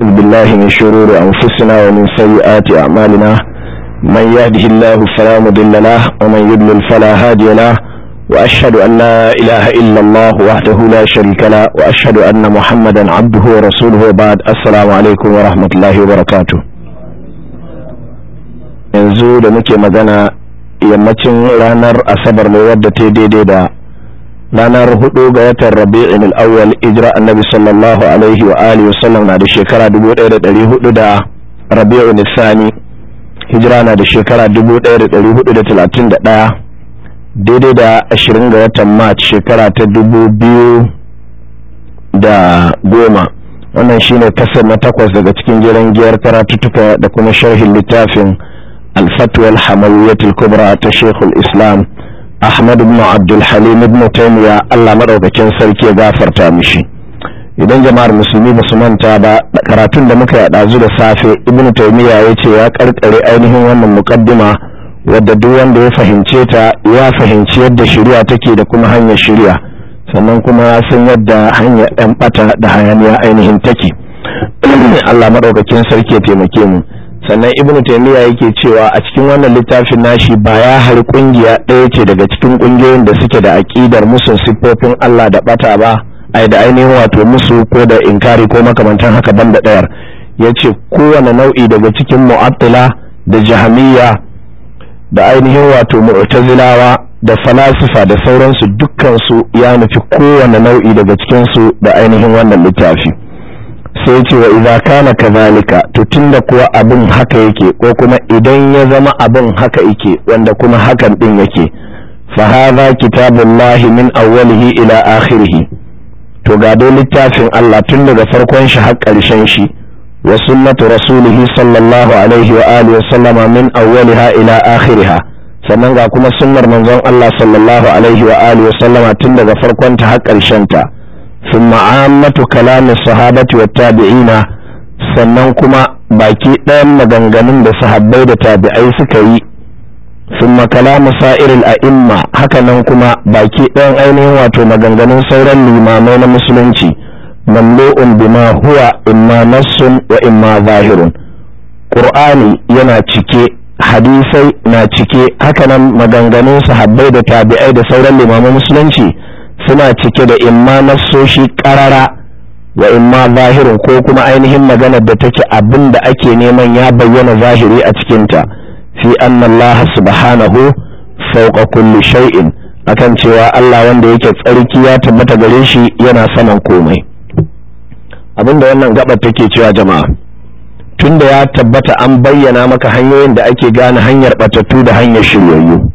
بالله من شرور أنفسنا ومن سيئات أعمالنا من يهده الله فلا مضل له ومن يضلل فلا هادي له وأشهد أن لا إله إلا الله وحده لا شريك له وأشهد أن محمدا عبده ورسوله وبعد السلام عليكم ورحمة الله وبركاته yanzu da muke magana yammacin ranar asabar ne wadda ta daidai da ranar hudu ga watan rabi'in al'awwal ijira annabi sallallahu alaihi wa alihi wasallam na da shekara 1400 da rabi'in sani hijira na da shekara 1431 daidai da 20 ga watan march shekara ta 2000 da goma wannan shine kasar na takwas daga cikin jiran giyar karatuttuka da kuma sharhin littafin al-fatwa al-hamawiyyatul kubra ta shekul islam ahmad ibn abdul halim ibn taymiya Allah madaukakin sarki ya gafarta mishi idan jama'ar musulmi ba su manta ba karatun da muka yada da safe ibn taymiya ya ce ya karkare ainihin wannan muqaddima wadda duk wanda ya fahimce ta ya fahimci yadda shari'a take da kuma hanyar shari'a sannan kuma ya san yadda hanyar dan bata da hayaniya ainihin take Allah madaukakin sarki ya taimake mu sannan ibnu taymiya yake cewa a cikin wannan littafin nashi ba ya har kungiya ɗaya ce daga cikin kungiyoyin da suke da aƙidar musu siffofin Allah da bata ba ai da ainihin wato musu ko da inkari ko makamantan haka banda ɗayar yace kowane nau'i daga cikin mu'attila da jahamiya da ainihin wato mu'tazilawa da falasifa da sauransu dukkansu ya nufi kowane nau'i daga cikinsu da ainihin wannan littafi sai ce wa idza kana kadhalika to tunda kuwa abin haka yake ko kuma idan ya zama abin haka yake wanda kuma hakan din yake fa hadha kitabullahi min awwalihi ila akhirih to ga dai littafin Allah tun daga farkon shi har karshen shi wa sunnatu rasulihi sallallahu alaihi wa alihi wa sallama min awwaliha ila akhiriha sannan ga kuma sunnar manzon Allah sallallahu alaihi wa alihi wa sallama tun daga farkon ta har karshen ta sun ma'ammatu kalamin sahabati wa na. sannan kuma baki ɗayan maganganun da sahabbai da tabi'ai suka yi sun makalamu sa'iril a'imma hakanan kuma baki ɗayan ainihin wato maganganun sauran limamai na musulunci mamlu'un bima huwa imma nassun wa imma zahirun ƙur'ani yana cike hadisai na cike hakanan maganganun sahabbai da tabi'ai da sauran limaman musulunci suna cike da imma nassoshi karara wa imma zahirin ko kuma ainihin maganar da take abin da ake neman ya bayyana zahiri a cikinta fi anna Allah subhanahu fawqa kulli shay'in akan cewa Allah wanda yake tsarki ya tabbata gare shi yana saman komai abinda wannan gabar take cewa jama'a tunda ya tabbata an bayyana maka hanyoyin da ake gane hanyar batattu da hanyar shiryayyu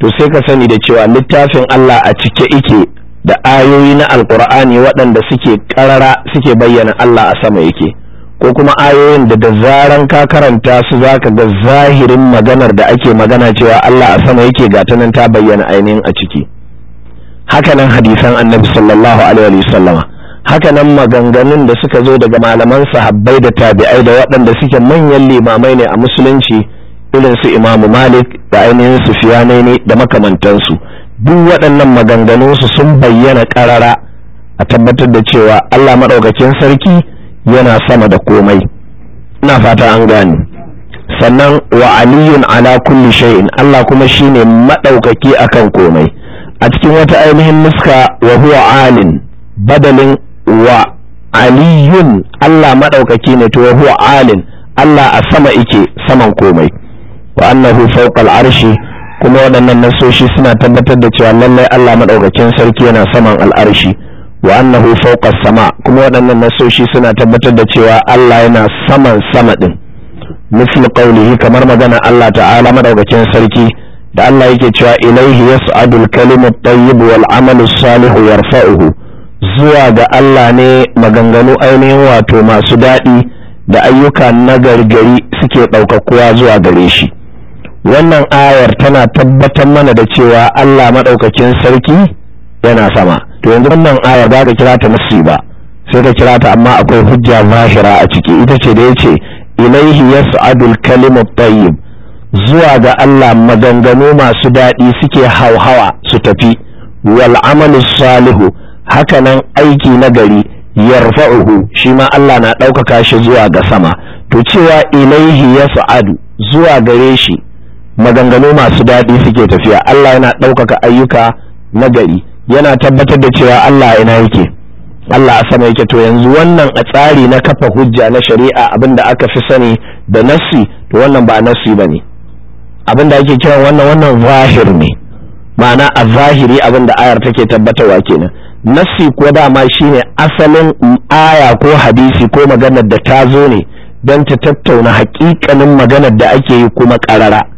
to sai ka sani da cewa littafin Allah a cike ike da ayoyi na alkur'ani waɗanda suke ƙarara suke bayyana Allah a sama yake ko kuma ayoyin da da zaran ka karanta su zaka ga zahirin maganar da ake magana cewa Allah a sama yake ga nan ta bayyana ainihin a ciki hakanan hadisan annabi sallallahu alaihi wasallama hakanan maganganun da suka zo daga malaman sahabbai da tabi'ai da waɗanda suke manyan limamai ne a musulunci irin su imamu malik da ainihin su ne da makamantansu duk waɗannan maganganunsu sun bayyana ƙarara a tabbatar da cewa allah maɗaukakin sarki yana sama da komai ina fata an gane sannan wa aliyun ala kulli shay'in allah kuma shine maɗaukaki akan komai a cikin wata ainihin muska wa huwa alin badalin wa aliyun allah maɗaukaki ne to wa huwa alin allah a sama ike saman komai wa annahu fawqa al'arshi kuma waɗannan nasoshi suna tabbatar da cewa lallai Allah madaukakin sarki yana saman al'arshi wa annahu fawqa sama kuma waɗannan nasoshi suna tabbatar da cewa Allah yana saman sama din misl qawlihi kamar magana Allah ta'ala madaukakin sarki da Allah yake cewa ilayhi yas'adul kalimu at-tayyib wal 'amalu salihu yarfa'uhu zuwa ga Allah ne maganganu ainihin wato masu daɗi da ayyuka na gargari suke ɗaukakuwa zuwa gare shi wannan ayar tana tabbatar mana da cewa Allah maɗaukakin sarki yana sama to yanzu wannan ayar ba ka kira ta nasi ba sai ka kira ta amma akwai hujja zahira a ciki ita ce da ya ce ilaihi yas'adul kalimu tayyib zuwa ga Allah maganganu masu daɗi suke hauhawa su tafi wal amalu salihu hakanan aiki na gari yarfa'uhu shi ma Allah na ɗaukaka shi zuwa ga sama to cewa ilaihi yas'adu zuwa gare shi maganganu masu daɗi suke tafiya Allah yana ɗaukaka ayyuka na gari yana tabbatar da cewa Allah ina yake Allah a sama yake to yanzu wannan a tsari na kafa hujja na shari'a abin aka fi sani da nassi to wannan ba nassi ba ne abin ake kiran wannan wannan zahir ne ma'ana a zahiri abinda da ayar take tabbatarwa kenan nasi ko dama shine asalin aya ko hadisi ko maganar da ta zo ne don ta tattauna hakikanin maganar da ake yi kuma karara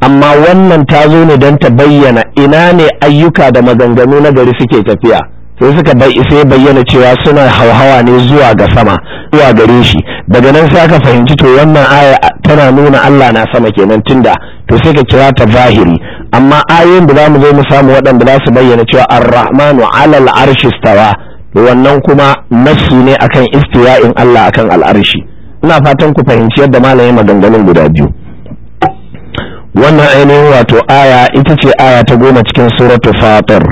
amma wannan ta zo ne don ta bayyana ina ne ayyuka da maganganu na gari suke tafiya sai suka bai sai bayyana cewa suna hauhawa ne zuwa ga sama zuwa gare shi daga nan sai aka fahimci to wannan aya tana nuna Allah na sama kenan tunda to sai ka kira ta zahiri amma ayoyin da zamu zo mu samu waɗanda za su bayyana cewa ar-rahmanu 'alal arshi stawa to wannan kuma nassi ne akan istiwa'in Allah akan al'arshi ina fatan ku fahimci yadda malamin maganganun guda biyu wannan ainihin wato aya ita ce aya ta goma cikin suratu fatir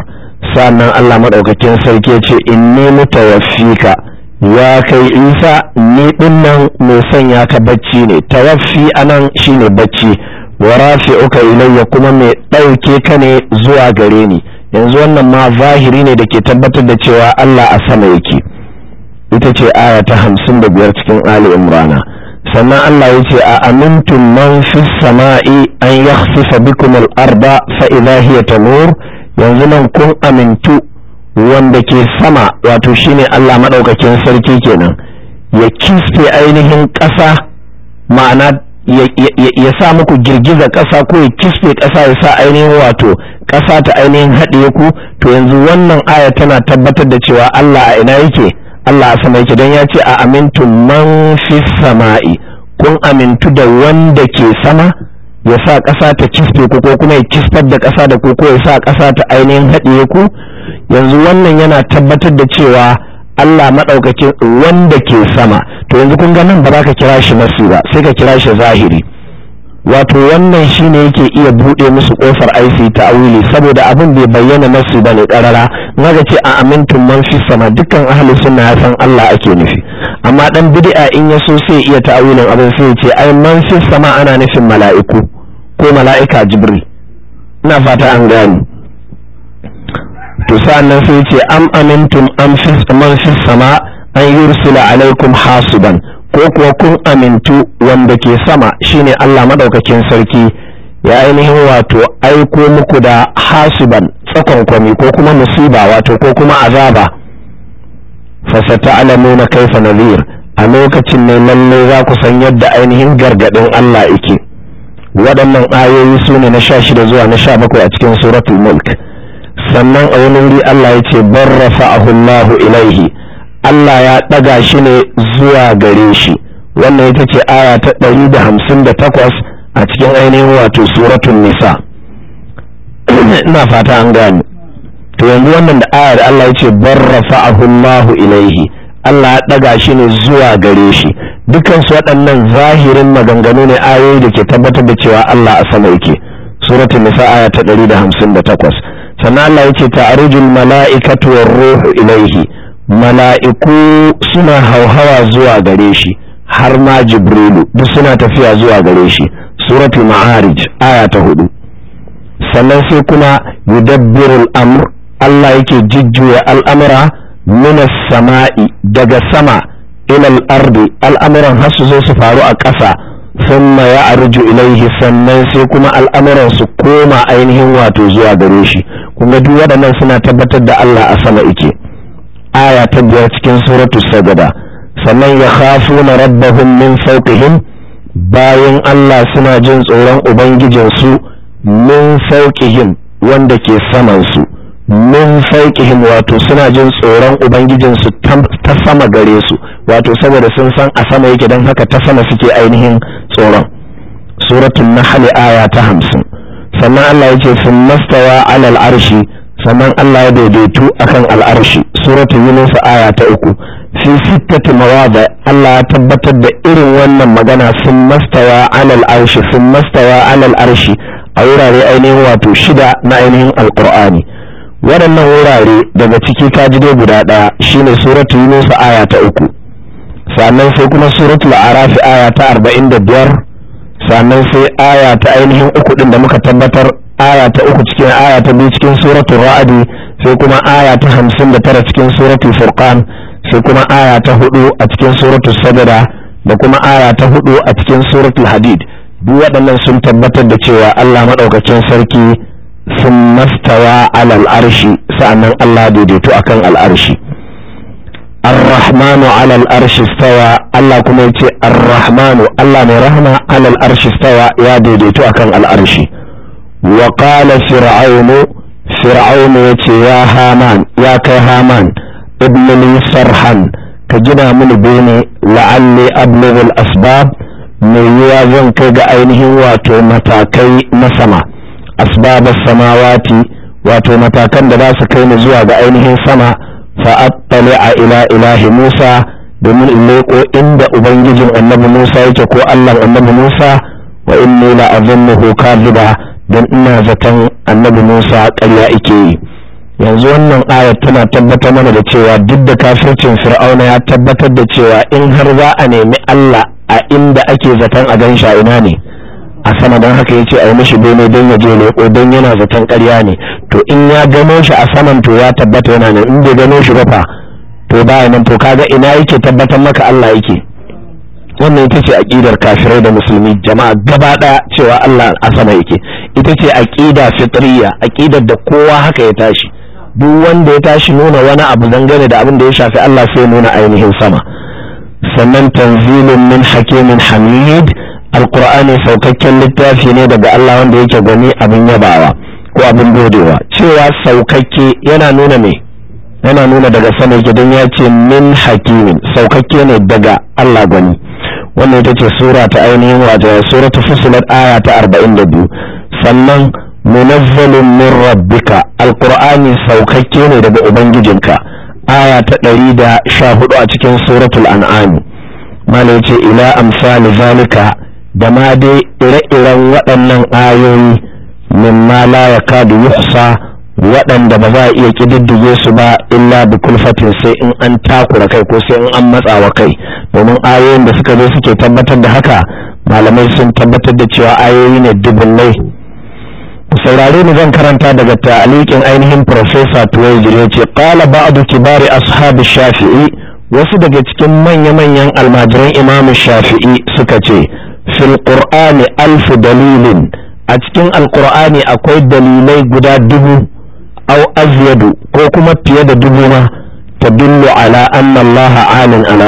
sannan Allah maɗaukakin sarki ce inni mutawaffika ya kai isa ni nan mai sanya ka bacci ne tawaffi anan shine bacci wa rafi'uka ilayya kuma mai ɗauke ka ne zuwa gare ni yanzu wannan ma zahiri ne da ke tabbatar da cewa Allah a sama yake ita ce aya ta hamsin da biyar cikin Ali Imrana sannan Allah ya ce a amintun man fi sama'i an yakhsifa bikum al-arda hiya yanzu nan kun amintu wanda ke sama wato shine Allah maɗaukakin sarki kenan ya kiste ainihin ƙasa ma'ana ya sa muku girgiza ƙasa ko ya kiste ƙasa ya sa ainihin wato ƙasa ta ainihin haɗe ku to yanzu wannan aya tana tabbatar da cewa Allah a ina yake Allah a sama yake don ya ce a amintu man fi sama'i kun amintu da wanda ke sama ya sa ƙasa ta kiste ku ko kuma ya kistar da ƙasa da ku ko ya sa ƙasa ta ainihin haɗiye ku yanzu wannan yana tabbatar da cewa Allah maɗaukakin wanda ke sama to yanzu kun ga nan ba za ka kira shi nasi ba sai ka kira shi zahiri wato wannan shine yake iya buɗe musu ƙofar aisi ta ta'awili saboda abin bai bayyana masu bane ƙarara naga ce a amintun man fi sama dukkan ahli sunna ya san Allah ake nufi amma dan bid'a in ya so sai iya ta'awilin abin sai ce ai man fi sama ana nufin mala'iku ko mala'ika jibril ina fata an gani to sa'annan sai ce am amintum am man fi sama an yi yursila alaikum Hasuban ko kuwa kun amintu wanda ke sama shine Allah madaukakin sarki ya ainihin wato aiko muku da hasiban tsakonkwami ko kuma musiba wato ko kuma azaba fasata na kaifa nazir a lokacin ne lalle za ku san yadda ainihin gargadin Allah yake waɗannan ayoyi su ne na sha shida zuwa na sha bakwai a cikin suratul mulk sannan a wani wuri Allah ya ce barrafa ahullahu ilaihi Allah ya ɗaga shi ne zuwa gare shi wannan ita ce aya ta ɗari da hamsin da takwas a cikin ainihin wato suratun nisa ina fata an gane to yanzu wannan da aya da Allah ya ce barrafa'ahu Allahu ilaihi Allah ya ɗaga shi ne zuwa gare shi dukansu waɗannan zahirin maganganu ne ayoyi da ke tabbatar da cewa Allah a sama yake suratun nisa aya ta 158 sannan Allah yace ta'arujul mala'ikatu war ruhu ilaihi mala'iku suna hauhawa zuwa gare shi har ma jibrilu duk suna tafiya zuwa gare shi suratul ma'arij aya ta hudu sannan sai kuma yudabbirul amr Allah yake jijjuya al'amura minas sama'i daga sama ilal ardi al'amuran har su zo su faru a ƙasa thumma ya arju ilaihi sannan sai kuma al'amuran su koma ainihin wato zuwa gare shi kun ga duk waɗannan suna tabbatar da Allah a sama ike aya ta biyar cikin suratu sajada sannan ya na rabbahum min fawqihim bayan Allah suna jin tsoron ubangijinsu min fawqihim wanda ke samansu su min fawqihim wato suna jin tsoron ubangijinsu ta sama gare su wato saboda sun san a sama yake don haka ta sama suke ainihin tsoron suratul nahl aya ta hamsin sannan Allah yake sun mastawa alal arshi sannan Allah ya daidaitu akan al'arshi suratul yunus aya ta uku fi sittati mawada Allah ya tabbatar da irin wannan magana sun mastawa alal al'arshi sun mastawa al'arshi a wurare ainihin wato shida na ainihin alqur'ani waɗannan wurare daga ciki ka ji dai guda ɗaya shine suratul yunus aya ta uku sannan sai kuma suratul arafi aya ta arba'in da biyar sannan sai aya ta ainihin uku ɗin da muka tabbatar aya ta uku cikin aya ta biyu cikin suratul ra'adi sai kuma aya ta hamsin da tara cikin suratul furqan sai kuma aya ta hudu a cikin suratul sadada da kuma aya ta hudu a cikin suratul hadid duk waɗannan sun tabbatar da cewa Allah maɗaukacin sarki sun mastawa alal arshi sa'annan Allah daidaito akan al'arshi الرحمن على الأرش استوى الله كما يتي الرحمن الله من رحمة على الأرش استوى يا ديديتو أكن الأرشي wa qala fir'aunu fir'aunu yace ya haman ya kai haman ibn li sarhan ka gina mini bene la'alli ablughu al-asbab mai yiwa zan kai ga ainihin wato matakai na sama asbab samawati wato matakan da za su kai ni zuwa ga ainihin sama fa a ila ilahi musa domin in leko inda ubangijin annabi musa yake ko allah annabi musa wa inni la azunnuhu kadhiba dan ina zaton annabi Musa ƙarya yake yi yanzu wannan ayar tana tabbatar mana da cewa duk da kafircin fir'auna ya tabbatar da cewa in har za a nemi Allah a inda ake zaton a gan sha ina ne a sama don haka ya ce a yi mishi bene don ya je leƙo don yana zaton ƙarya ne to in ya gano shi a saman to ya tabbata yana ne in bai gano shi ba fa to ba nan to kaga ina yake tabbatar maka Allah yake wannan ita ce aqidar kafirai da musulmi jama'a gaba daya cewa Allah a sama yake ita ce aqida fitriya aqidar da kowa haka ya tashi duk wanda ya tashi nuna wani abu dangane da abin da ya shafi Allah sai nuna ainihin sama sannan tanzilun min hakimin hamid alqur'ani saukakken littafi ne daga Allah wanda yake gani abin yabawa ko abin dodewa cewa saukakke yana nuna me yana nuna daga sama yake don ya ce min hakimin saukakke ne daga Allah gani. wannan ita ce sura ta ainihin wajen sura ta fusilar aya ta biyu sannan munazzalin min rabbika alqur'ani saukakke ne daga ubangijinka aya ta ɗari da sha hudu a cikin suratul an'am mala yace ila amsal zalika da ma dai ire-iren waɗannan ayoyi ma la yakadu yuhsa waɗanda ba za a iya ƙididdige su ba illa bi kulfatin sai in an takura kai ko sai in an matsa wa kai domin ayoyin da suka zo suke tabbatar da haka malamai sun tabbatar da cewa ayoyi ne dubullai saurare ni zan karanta daga ta'alikin ainihin professor tuwai ya ce qala ba'du kibari ashabi shafi'i wasu daga cikin manya-manyan almajiran imamu shafi'i suka ce fil qur'ani alfu dalilin a cikin alqur'ani akwai dalilai guda dubu au azyadu ko kuma fiye da dubu ma tadullu ala anna Allah alin ala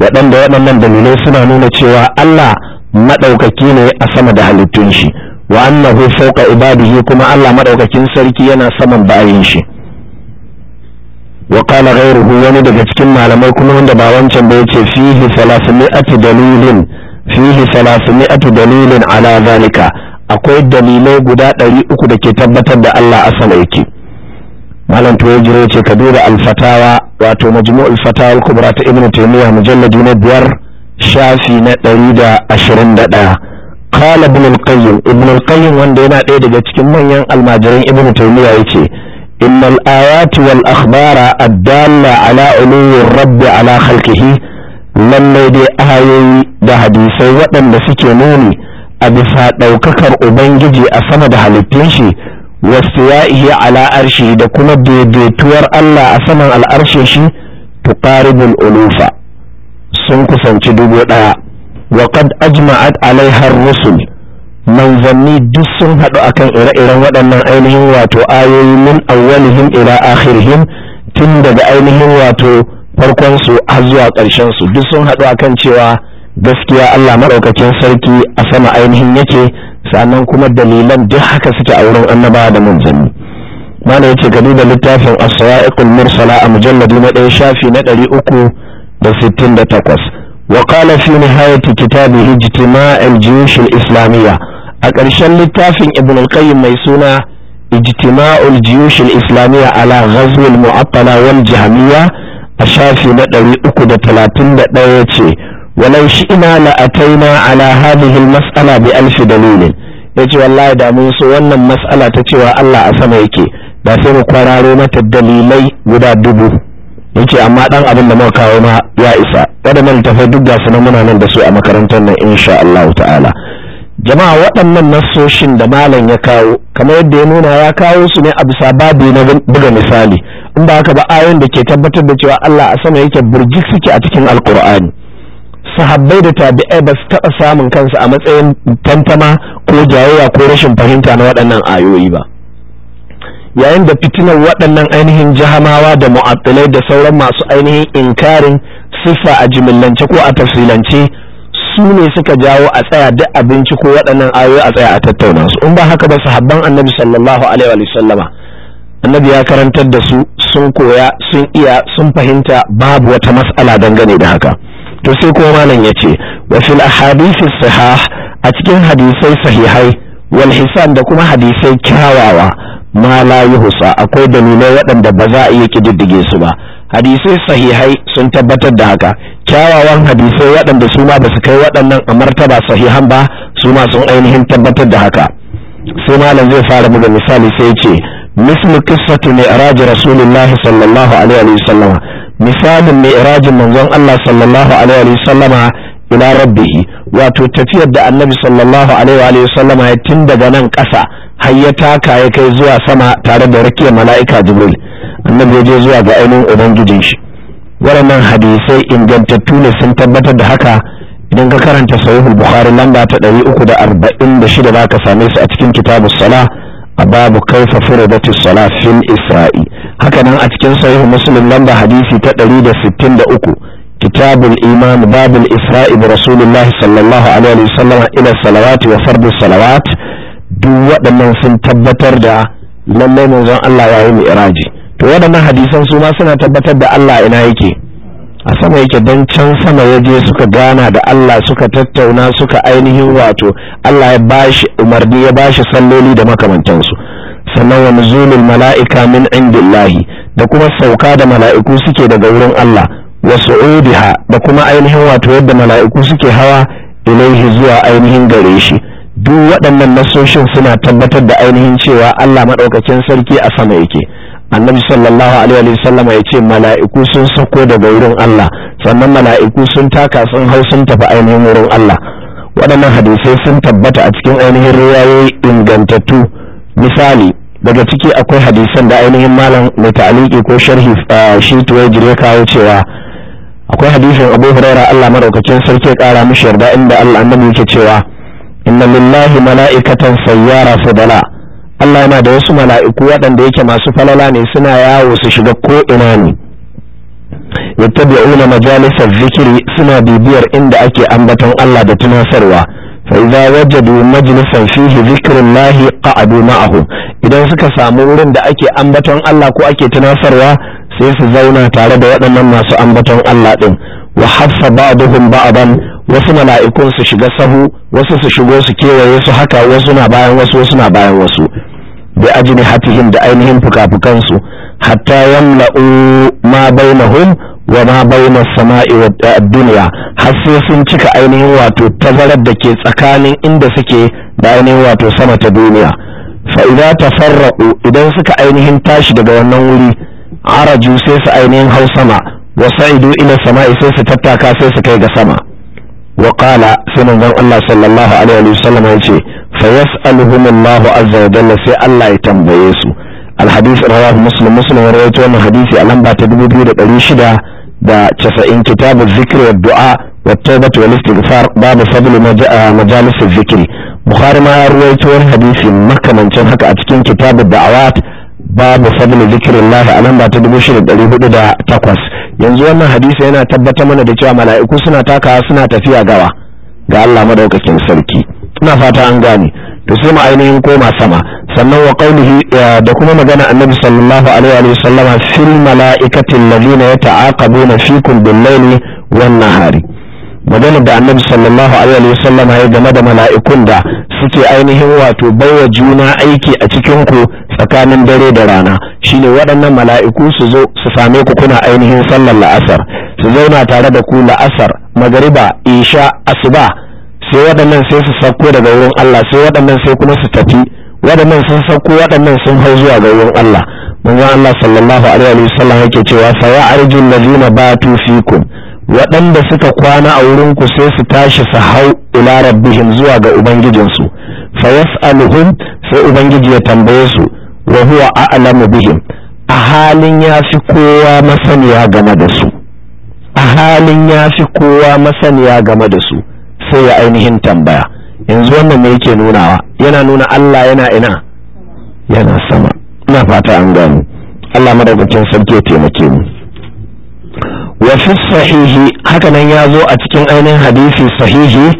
waɗanda waɗannan dalilai suna nuna cewa Allah maɗaukaki ne a sama da halittun shi wa annahu fawqa ibadihi kuma Allah maɗaukakin sarki yana saman bayin shi wa qala ghayruhu wani daga cikin malamai kuma wanda ba wancan ba yace fihi salasmi'atu dalilin fihi salasmi'atu dalilin ala zalika akwai dalilai guda ɗari uku da ke tabbatar da Allah Asala sama yake malam tuwaye jiro ce ka duba alfatawa wato majmu'ul fatawa kubra ta ibnu taymiyyah mujalladi na biyar shafi na ɗari da ashirin da ɗaya qala ibn al-qayyim al-qayyim wanda yana ɗaya daga cikin manyan almajiran ibnu taymiyyah yace إن الآيات والأخبار الدالة على علو الرب على خلقه لما دي آيوي ده حديثي وطن suke nuni a bisa ɗaukakar ubangiji a sama da halittun shi wasu ya iya ala da kuma daidaituwar Allah a saman al'arshe shi tuqaribul ulufa sun kusanci dubu ɗaya wa qad ajma'at alaiha rusul manzanni duk sun haɗu a kan ire-iren waɗannan ainihin wato ayoyi min awwalihim ila akhirihim tun daga ainihin wato farkonsu su har zuwa ƙarshen duk sun haɗu a kan cewa gaskiya Allah maɗaukakin sarki a sama ainihin yake sannan kuma dalilan duk haka suke a wurin annabawa da manzanni mana yace gani duba littafin as-sawa'iqul mursala a mujalladi na ɗaya shafi na ɗari uku da sittin da takwas wa qala fi nihayati kitabihi ijtima'ul juyush islamiyya a ƙarshen littafin ibn al-qayyim mai suna ijtima'ul juyush islamiyya ala ghazwil mu'attala wal jahmiyya a shafi na ɗari uku da talatin da ɗaya ce walau shi'na la ataina ala hadhihi almas'ala bi alf dalil yace wallahi da mun so wannan mas'ala ta cewa Allah a sama yake da sai mu kwararo mata dalilai guda dubu yace amma dan abin da muka kawo ma ya isa waɗannan tafai duk su na muna nan da su a makarantar nan insha Allah ta'ala jama'a waɗannan nasoshin da malam ya kawo kamar yadda ya nuna ya kawo su ne a bisa babu na buga misali in ba haka ba ayoyin da ke tabbatar da cewa Allah a sama yake burjik suke a cikin alkur'ani sahabbai da tabi'ai ba su taɓa samun kansu a matsayin tantama ko jayayya ko rashin fahimta na waɗannan ayoyi ba yayin da fitinar waɗannan ainihin jahamawa da mu'attilai da sauran masu ainihin inkarin siffa a jimillance ko a tafsilance su ne suka jawo a tsaya duk abinci ko waɗannan ayoyi a tsaya a tattauna su in ba haka ba sahabban annabi sallallahu alaihi wa sallama annabi ya karantar da su sun koya sun iya sun fahimta babu wata mas'ala dangane da haka to sai kuma malam ya ce wa fil ahadithis a cikin hadisai sahihai wal hisan da kuma hadisai kyawawa ma la yuhsa akwai dalilai waɗanda ba za a iya kididdige su ba hadisai sahihai sun tabbatar da haka kyawawan hadisai waɗanda su ma ba su kai waɗannan a martaba sahihan ba su ma sun ainihin tabbatar da haka sai malam zai fara buga misali sai ce mislu qissatu mi'raj rasulillahi sallallahu alaihi wa sallam misalin mai irajin manzon Allah sallallahu alaihi wa sallama ila rabbihi wato tafiyar da annabi sallallahu alaihi wa sallama ya tun daga nan ƙasa har ya taka ya kai zuwa sama tare da rakiyar mala'ika jibril annabi ya je zuwa ga ainihin ubangijin shi waɗannan hadisai ingantattu ne sun tabbatar da haka idan ka karanta sahihul bukhari lamba ta 346 za ka same su a cikin kitabus sala a babu kaifa furidati sala fil isra'i haka nan a cikin sahih muslim lamba hadisi ta 163 kitabul iman babul isra'i bi rasulillahi sallallahu alaihi wasallam ila salawati wa fardu salawat duk waɗannan sun tabbatar da lallai manzon Allah ya yi mi'raji to waɗannan hadisan su suna tabbatar da Allah ina yake a sama yake don can sama ya je suka gana da Allah suka tattauna suka ainihin wato Allah ya bashi umarni ya bashi salloli da makamantansu sannan wa nuzulul mala'ika min indillahi da kuma sauka da mala'iku suke daga wurin Allah wa su'udiha da kuma ainihin wato yadda mala'iku suke hawa ilaihi zuwa ainihin gare shi duk waɗannan nasoshin suna tabbatar da ainihin cewa Allah maɗaukacin sarki a sama yake annabi sallallahu alaihi wa sallama ya ce mala'iku sun sako daga wurin Allah sannan mala'iku sun taka sun hau sun tafi ainihin wurin Allah waɗannan hadisai sun tabbata a cikin ainihin riwayoyi ingantattu misali daga ciki akwai hadisan da ainihin malam mai ta'aliki ko sharhi shi tuwajir ya kawo cewa akwai hadisin abu huraira Allah madaukakin sarki kara mishi yarda inda Allah annabi yake cewa inna lillahi mala'ikatan sayyara fudala Allah yana da wasu mala'iku waɗanda yake masu falala ne suna yawo su shiga ko ina ne na majalisar zikiri suna bibiyar inda ake ambaton Allah da tunasarwa fa idza wajadu majlisan fihi zikrullahi qa'adu ma'ahu idan suka samu wurin da ake ambaton Allah ko ake tunasarwa sai su zauna tare da waɗannan masu ambaton Allah ɗin. wa hafsa duhun ba ba'dan wasu mala'ikun su shiga sahu wasu su shigo su kewaye su haka wasu na bayan wasu wasu na bayan wasu bi ajni hatihim da ainihin fukafukan su hatta yamla'u ma bainahum wa ma baina sama'i wa dunya har sai sun cika ainihin wato tazarar da ke tsakanin inda suke da ainihin wato sama ta duniya fa idza tafarraqu idan suka ainihin tashi daga wannan wuri araju sai su ainihin hau sama wa sa'idu ila sama'i sai su tattaka sai su kai ga sama wa qala sai manzon Allah sallallahu alaihi wa sallam ya ce fa yas'aluhum Allah azza wa jalla sai Allah ya tambaye su alhadith rawahu muslim muslim ya rawaito wannan hadisi a lamba ta 2690 kitabu zikri wa du'a wa tawbati wal istighfar babu fadl majalis zikri bukhari ma ya rawaito wannan hadisi makamancin haka a cikin kitabu da'awat babu fadl zikrillah a lamba ta 2408 yanzu wannan hadisi yana tabbatar mana da cewa mala'iku suna takawa suna tafiya gawa ga Allah madaukakin sarki ina fata an gane to sai mu ainihin koma sama sannan wa qaulihi eh, da kuma magana annabi sallallahu alaihi wa sallama fil mala'ikati alladhina yata'aqabuna fikum bil-layli wan-nahari maganar da annabi sallallahu alaihi wasallam ya game da mala'ikun da suke ainihin wato baiwa juna aiki a cikin ku tsakanin dare da rana shine waɗannan mala'iku su zo su same ku kuna ainihin sallar la'asar su zauna tare da ku la'asar magariba isha asuba sai waɗannan sai su sauko daga wurin Allah sai waɗannan sai kuma su tafi waɗannan sun sauko waɗannan sun hau zuwa ga wurin Allah manzon Allah sallallahu alaihi wasallam yake cewa sawa arjul ladina batu fikum waɗanda suka kwana a wurinku sai su tashi su hau ila rabbihim zuwa ga ubangijinsu fa yas'aluhum sai ubangiji ya tambaye su wa huwa a'lamu bihim a halin ya fi kowa masaniya game da su a halin ya fi kowa masaniya game da su sai ya ainihin tambaya yanzu wannan me yake nunawa yana nuna Allah yana ina yana sama ina fata an gano Allah madaukakin sarki ya taimake mu wa fi sahihi hakanan ya zo a cikin ainihin hadisi sahihi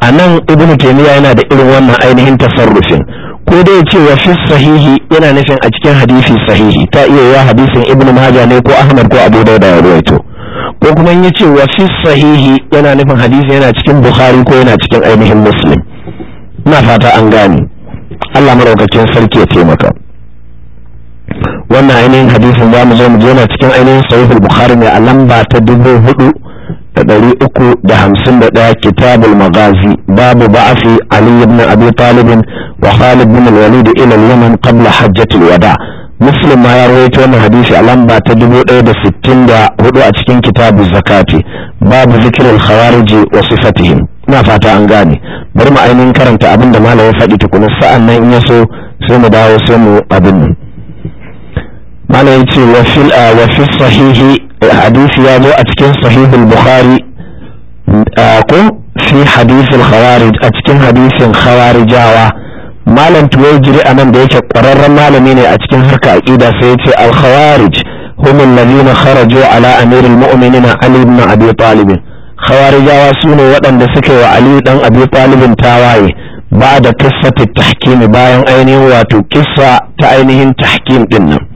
a nan ibnu taimiyya yana da irin wannan ainihin tasarrufin ko dai ya ce wa sahihi yana nufin a cikin hadisi sahihi ta iya yawa hadisin ibnu majah ne ko ahmad ko abu dauda ya ruwaito ko kuma ya ce wa sahihi yana nufin hadisi yana cikin bukhari ko yana cikin ainihin muslim ina fata an gane Allah maraukakin sarki ya taimaka wannan ainihin hadisin za mu zo mu jona cikin ainihin sahihul bukhari ne a lamba ta dubu hudu da ɗari uku da hamsin da ɗaya magazi babu ba'asi ali ibn abi talibin wa khalid bin al-walid ila al-yaman qabla hajjatul wada muslim ma ya rawaito wannan hadisi a lamba ta dubu ɗaya da sittin da hudu a cikin kitabu zakati babu zikirin khawariji wa sifatihim ina fata an gane bari mu ainihin karanta abin da malam ya faɗi tukuna sa'an nan in ya so sai mu dawo sai mu abin nan mana ya ce wa ah, sahihi hadisi ya zo a cikin sahihul bukhari ah, ko fi hadisin khawarij a cikin hadisin khawarijawa malam jiri a nan da yake kwararren malami ne a cikin harka aƙida sai ya ce al-khawarij هم الذين خرجوا على أمير المؤمنين علي بن أبي طالب خوارجاوا سوني ودن ta وعلي بن أبي طالب تاواي بعد قصة التحكيم باين أينه واتو قصة تأينهن تحكيم دنم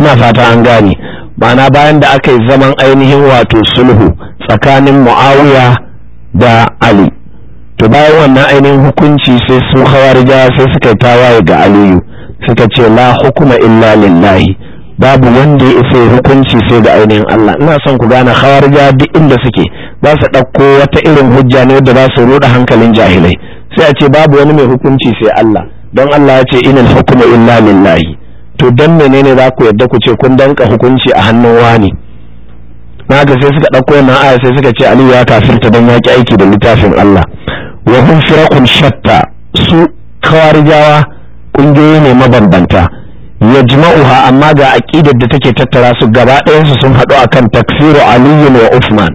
ina fata an gane ma'ana bayan da aka yi zaman ainihin wato sulhu tsakanin mu'awiya da ali to bayan wannan ainihin hukunci sai su khawarija sai suka tawaye ga aliyu suka ce la hukuma illa lillahi babu wanda ya isa hukunci sai ga ainihin Allah ina son ku gane khawarija duk inda suke za su ɗauko wata irin hujja ne da za su ruɗa hankalin jahilai sai a ce babu wani mai hukunci sai Allah don Allah ya ce inal hukuma illa lillahi to dan menene za ku yadda ku ce kun danka hukunci a hannun wani na ga sai suka ɗauko yana aya sai suka ce aliyu ya kafirta don ya ki aiki da littafin allah wa hum firakun shatta su kawarijawa ƙungiyoyi ne mabambanta yajma'uha amma ga aqidar da take tattara su gaba ɗayan su sun haɗu akan takfiru aliyu wa usman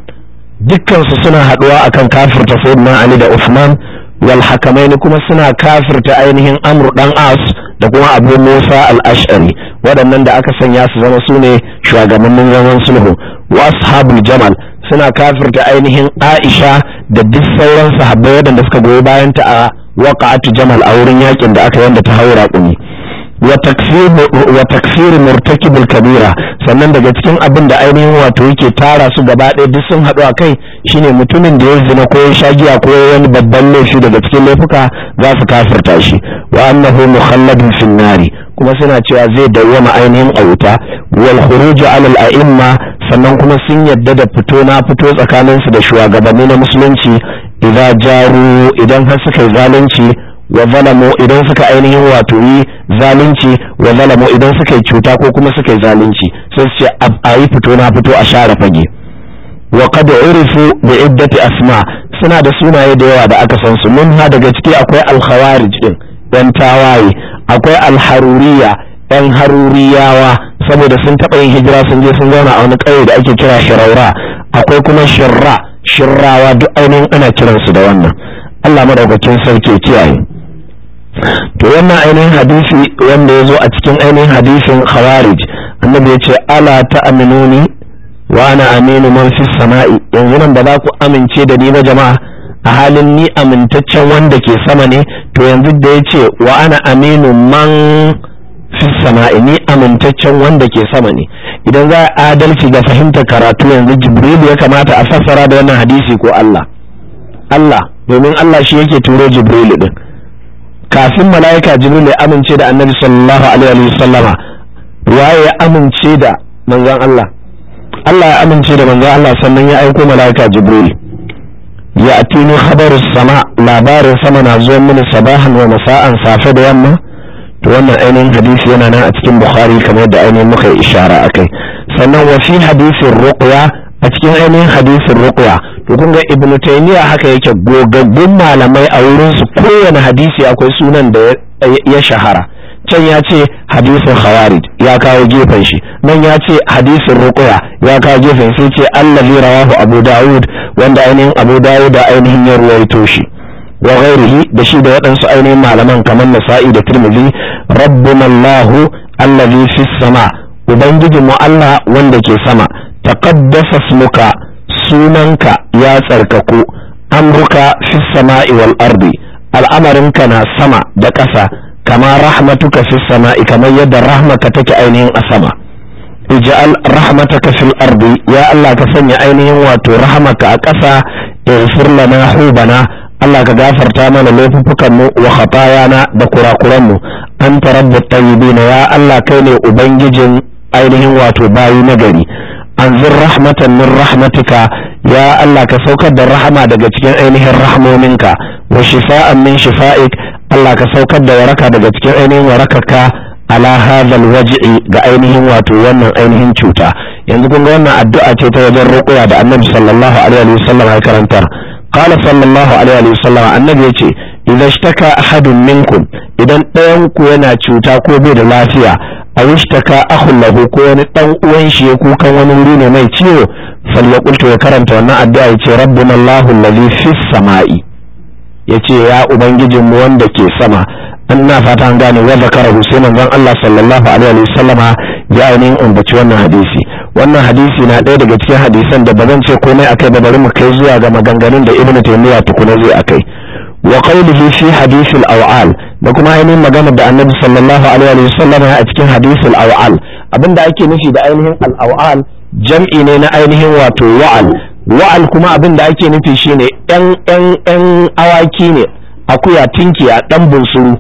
dukkan su suna haɗuwa akan kafirta sayyidina ali da usman wal ne kuma suna kafirta ainihin amru dan as da kuma abu musa al-ash'ari wadannan da aka sanya su zama su ne shugabannin zaman sulhu wa ashabul jamal suna kafirta ainihin aisha da duk sauran sahabbai waɗanda suka goyi bayanta a waqa'atu jamal a wurin yakin da aka wanda ta haura kuni wa takfiri murtaki kabira sannan daga cikin abin da ainihin wato yake tara su gaba ɗaya duk sun haɗu a kai shine mutumin da ya zina ko ya sha giya ko ya wani babban laifi daga cikin laifuka za su kafirta shi wa annahu mukhalladun finnari kuma suna cewa zai dawwama ainihin a wuta wal khuruju alal a'imma sannan kuma sun yadda da fito na fito tsakanin su da shugabanni na musulunci idan jaru idan har suka yi zalunci wa zalamu idan suka ainihin wato yi zalunci wa zalamu idan suka yi cuta ko kuma suka yi zalunci sai su ce a yi fito na fito a share fage wa qad urifu bi iddati asma suna da sunaye da yawa da aka san su mun ha daga ciki akwai al-khawarij din dan tawaye akwai al-haruriya yan haruriyawa saboda sun taɓa yin hijira sun je sun zauna a wani ƙauye da ake kira shiraura akwai kuma shirra shirrawa duk ainihin ana kiransu da wannan Allah madaukakin sarki kiyaye to wannan ainihin hadisi wanda ya zo a cikin ainihin hadisin khawarij annabi ya ce ala ta aminuni wa ana aminu man fi sama'i yanzu nan ba za ku amince da ni ba jama'a a halin ni amintaccen wanda ke sama ne to yanzu da ya ce wa ana aminu man fi sama'i ni amintaccen wanda ke sama ne idan za a adalci ga fahimtar karatu yanzu jibril ya kamata a fassara da wannan hadisi ko allah allah domin allah shi yake turo jibril din kafin mala'ika jibril ya amince da annabi sallallahu alaihi sallama waye ya amince da manzon Allah Allah ya amince da manzon Allah sannan ya aiko mala'ika jibril ya atini khabaru sama labarin sama na zuwa mini sabahan wa masa'an safe da yamma to wannan ainihin hadisi yana nan a cikin bukhari kamar da ainihin muka yi ishara akai sannan wa fi hadisin ruqya a cikin ainihin hadisin rukwa to kun ga ibn taymiya haka yake gogaggun malamai a wurin su kowane hadisi akwai sunan da ya shahara can ya ce hadisin khawarij ya kawo gefen shi nan ya ce hadisin rukwa ya kawo gefen sai ce allazi rawahu abu daud wanda ainihin abu daud da ainihin ya ruwaito shi wa ghairihi da shi da waɗansu ainihin malaman kamar nasa'i da tirmidhi rabbuna allah allazi fis sama' mu Allah wanda ke sama taqaddasa smuka sunanka ya tsarkaku amruka fi sama'i wal ardi al'amarinka na sama da ƙasa kama rahmatuka fi sama'i kamar yadda rahmaka take ainihin a sama rahmata rahmataka fil ardi ya Allah ka sanya ainihin wato rahmaka a ƙasa ighfir lana hubana Allah ka gafarta mana laifukanmu wa na da kurakuranmu an rabbut bina ya Allah kai ne ubangijin ainihin wato bayi nagari anzur rahmatan min rahmatika ya Allah ka saukar da rahama daga cikin ainihin rahmominka wa shifa'an min shifa'ik Allah ka saukar da waraka daga cikin ainihin warakarka ala hadhal waj'i ga ainihin wato wannan ainihin cuta yanzu kun ga wannan addu'a ce ta wajen ruqya da Annabi sallallahu alaihi wasallam ya karantar qala sallallahu alaihi wasallam annabi yace idan shtaka ahadun minkum idan ɗayan ku yana cuta ko bai da lafiya a ka akhun lahu ko wani ɗan uwan shi ya kukan wani wuri ne mai ciwo falyaqul Kulta ya karanta wannan addu'a ya ce rabbuna allahu allazi fi sama'i ya ce ya ubangijinmu wanda ke sama an na fata an gane wa zakarahu sai manzon Allah sallallahu alaihi wa sallama ya ainihin ambaci wannan hadisi wannan hadisi na ɗaya daga cikin hadisan da ba zan ce komai akai ba bari mu kai zuwa ga maganganun da ibnu Taymiyyah tukuna zai akai wa qawlihi fi hadith al-aw'al da kuma ainihin magana da annabi sallallahu alaihi wa sallam a cikin hadith al-aw'al abinda ake nufi da ainihin al jam'i ne na ainihin wato wa'al wa'al kuma abinda ake nufi shine yan yan yan awaki ne akuya a dan bunsuru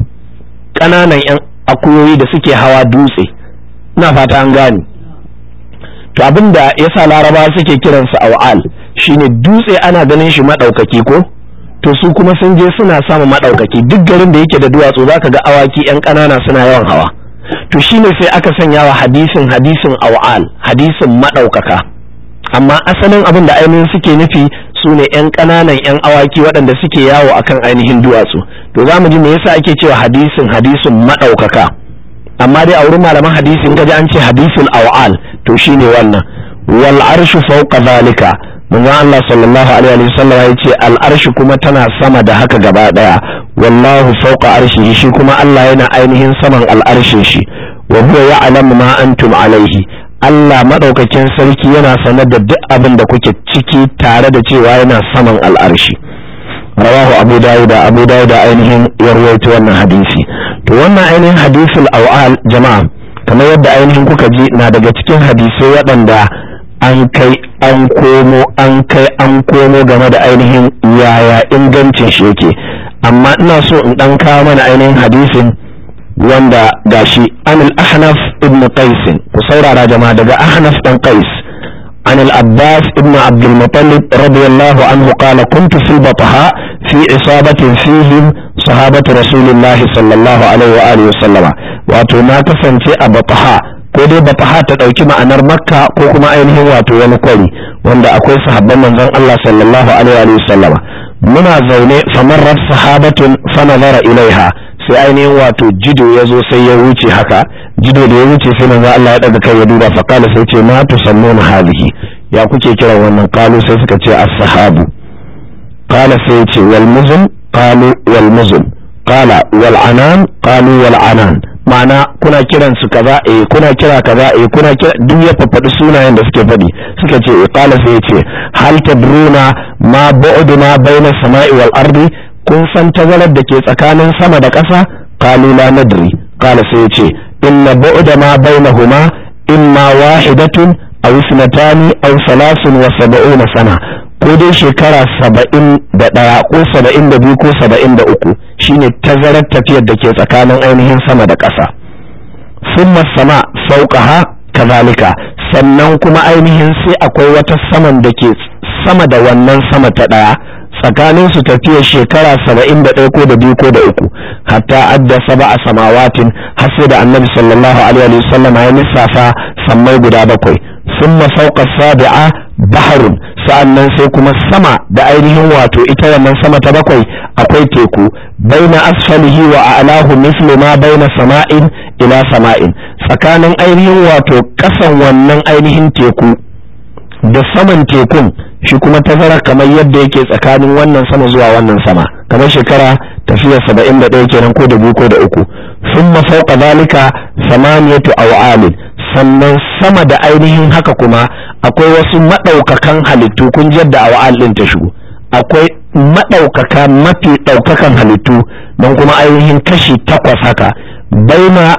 kananan yan akuyoyi da suke hawa dutse ina fata an gane to abinda yasa larabawa suke kiransa aw'al shine dutse ana ganin shi madaukaki ko to su kuma sun je suna samun maɗaukaki duk garin da yake da duwatsu za ka ga awaki 'yan ƙanana suna yawan hawa to shi ne sai aka sanya wa hadisin hadisin awal hadisin maɗaukaka amma asalin abin da ainihin suke nufi su ne 'yan ƙananan 'yan awaki waɗanda suke yawo akan ainihin duwatsu to za mu ji me yasa ake cewa hadisin hadisin maɗaukaka amma dai a wurin malaman hadisin gaji an ce hadisin awal to shi ne wannan wal arshu fawqa zalika manzo Allah sallallahu alaihi wasallam ya ce al'arshi kuma tana sama da haka gaba daya wallahu fawqa arshi shi kuma Allah yana ainihin saman al'arshin shi wa huwa ya'lamu ma antum alaihi Allah madaukakin sarki yana sanar da duk abin da kuke ciki tare da cewa yana saman al'arshi rawahu abu dawuda abu dawuda ainihin yarwaito wannan hadisi to wannan ainihin hadisul awal jama'a kamar yadda ainihin kuka ji na daga cikin hadisai waɗanda an kai an komo an kai an komo game da ainihin yaya ingancin shi yake amma ina so in dan kawo mana ainihin hadisin wanda gashi anil ahnaf ibn qais ku saurara jama'a daga ahnaf dan qais عن العباس ibn عبد المطلب رضي الله عنه قال كنت في بطحاء في إصابة فيهم صحابة رسول الله صلى الله عليه وآله وسلم واتو ما كسن أبطحاء ko dai ba faha ta ɗauki ma'anar makka ko kuma ainihin wato wani kwari wanda akwai sahabban manzon Allah sallallahu alaihi wa sallama muna zaune famarrat sahabatun fanazara ilaiha sai ainihin wato jido ya sai ya wuce haka jido da ya wuce sai manzon Allah ya daga kai ya duba fa kala sai ce ma tusammuna hadhihi ya kuke kiran wannan kalu sai suka ce as-sahabu kala sai ce wal muzun qalu wal muzun qala wal anan qalu wal anan ma'ana kuna kiran su kaza eh kuna kira kaza eh kuna kira duk ya faɗi sunayen da suke faɗi suka ce qala eh, sai ce hal tadruna ma ba'du ma baina sama'i wal ardi kun san tazarar da ke tsakanin sama da ƙasa qalu la nadri qala sai ce inna ba'da ma bainahuma imma wahidatun aw sanatani aw salasun wa sab'una sana ko dai shekara saba'in da ɗaya ko saba'in da biyu ko saba'in da uku shine tazarar tafiyar da ke tsakanin ainihin sama da ƙasa summa sama fauqaha kazalika sannan kuma ainihin sai akwai wata saman da ke sama da wannan sama ta ɗaya tsakanin su tafiya shekara saba'in da ɗaya ko da biyu ko da uku hatta adda saba a samawatin har sai da annabi sallallahu alaihi wasallam ya lissafa sammai guda bakwai summa sauka sabi'a baharun sa'annan sai kuma sama da ainihin wato ita wannan sama ta bakwai akwai teku baina asfalihi wa a'lahu mislu ma baina sama'in ila sama'in tsakanin ainihin wato kasan wannan ainihin teku da saman tekun shi kuma tazara kamar yadda yake tsakanin wannan sama zuwa wannan sama kamar shekara tafiya saba'in da ɗaya kenan ko da biyu ko da uku sun masauka zalika samaniyatu awalin sannan sama da ainihin haka kuma akwai wasu maɗaukakan halittu kun yadda awal ɗin ta shigo akwai maɗaukaka mafi ɗaukakan halittu don kuma ainihin kashi takwas haka baina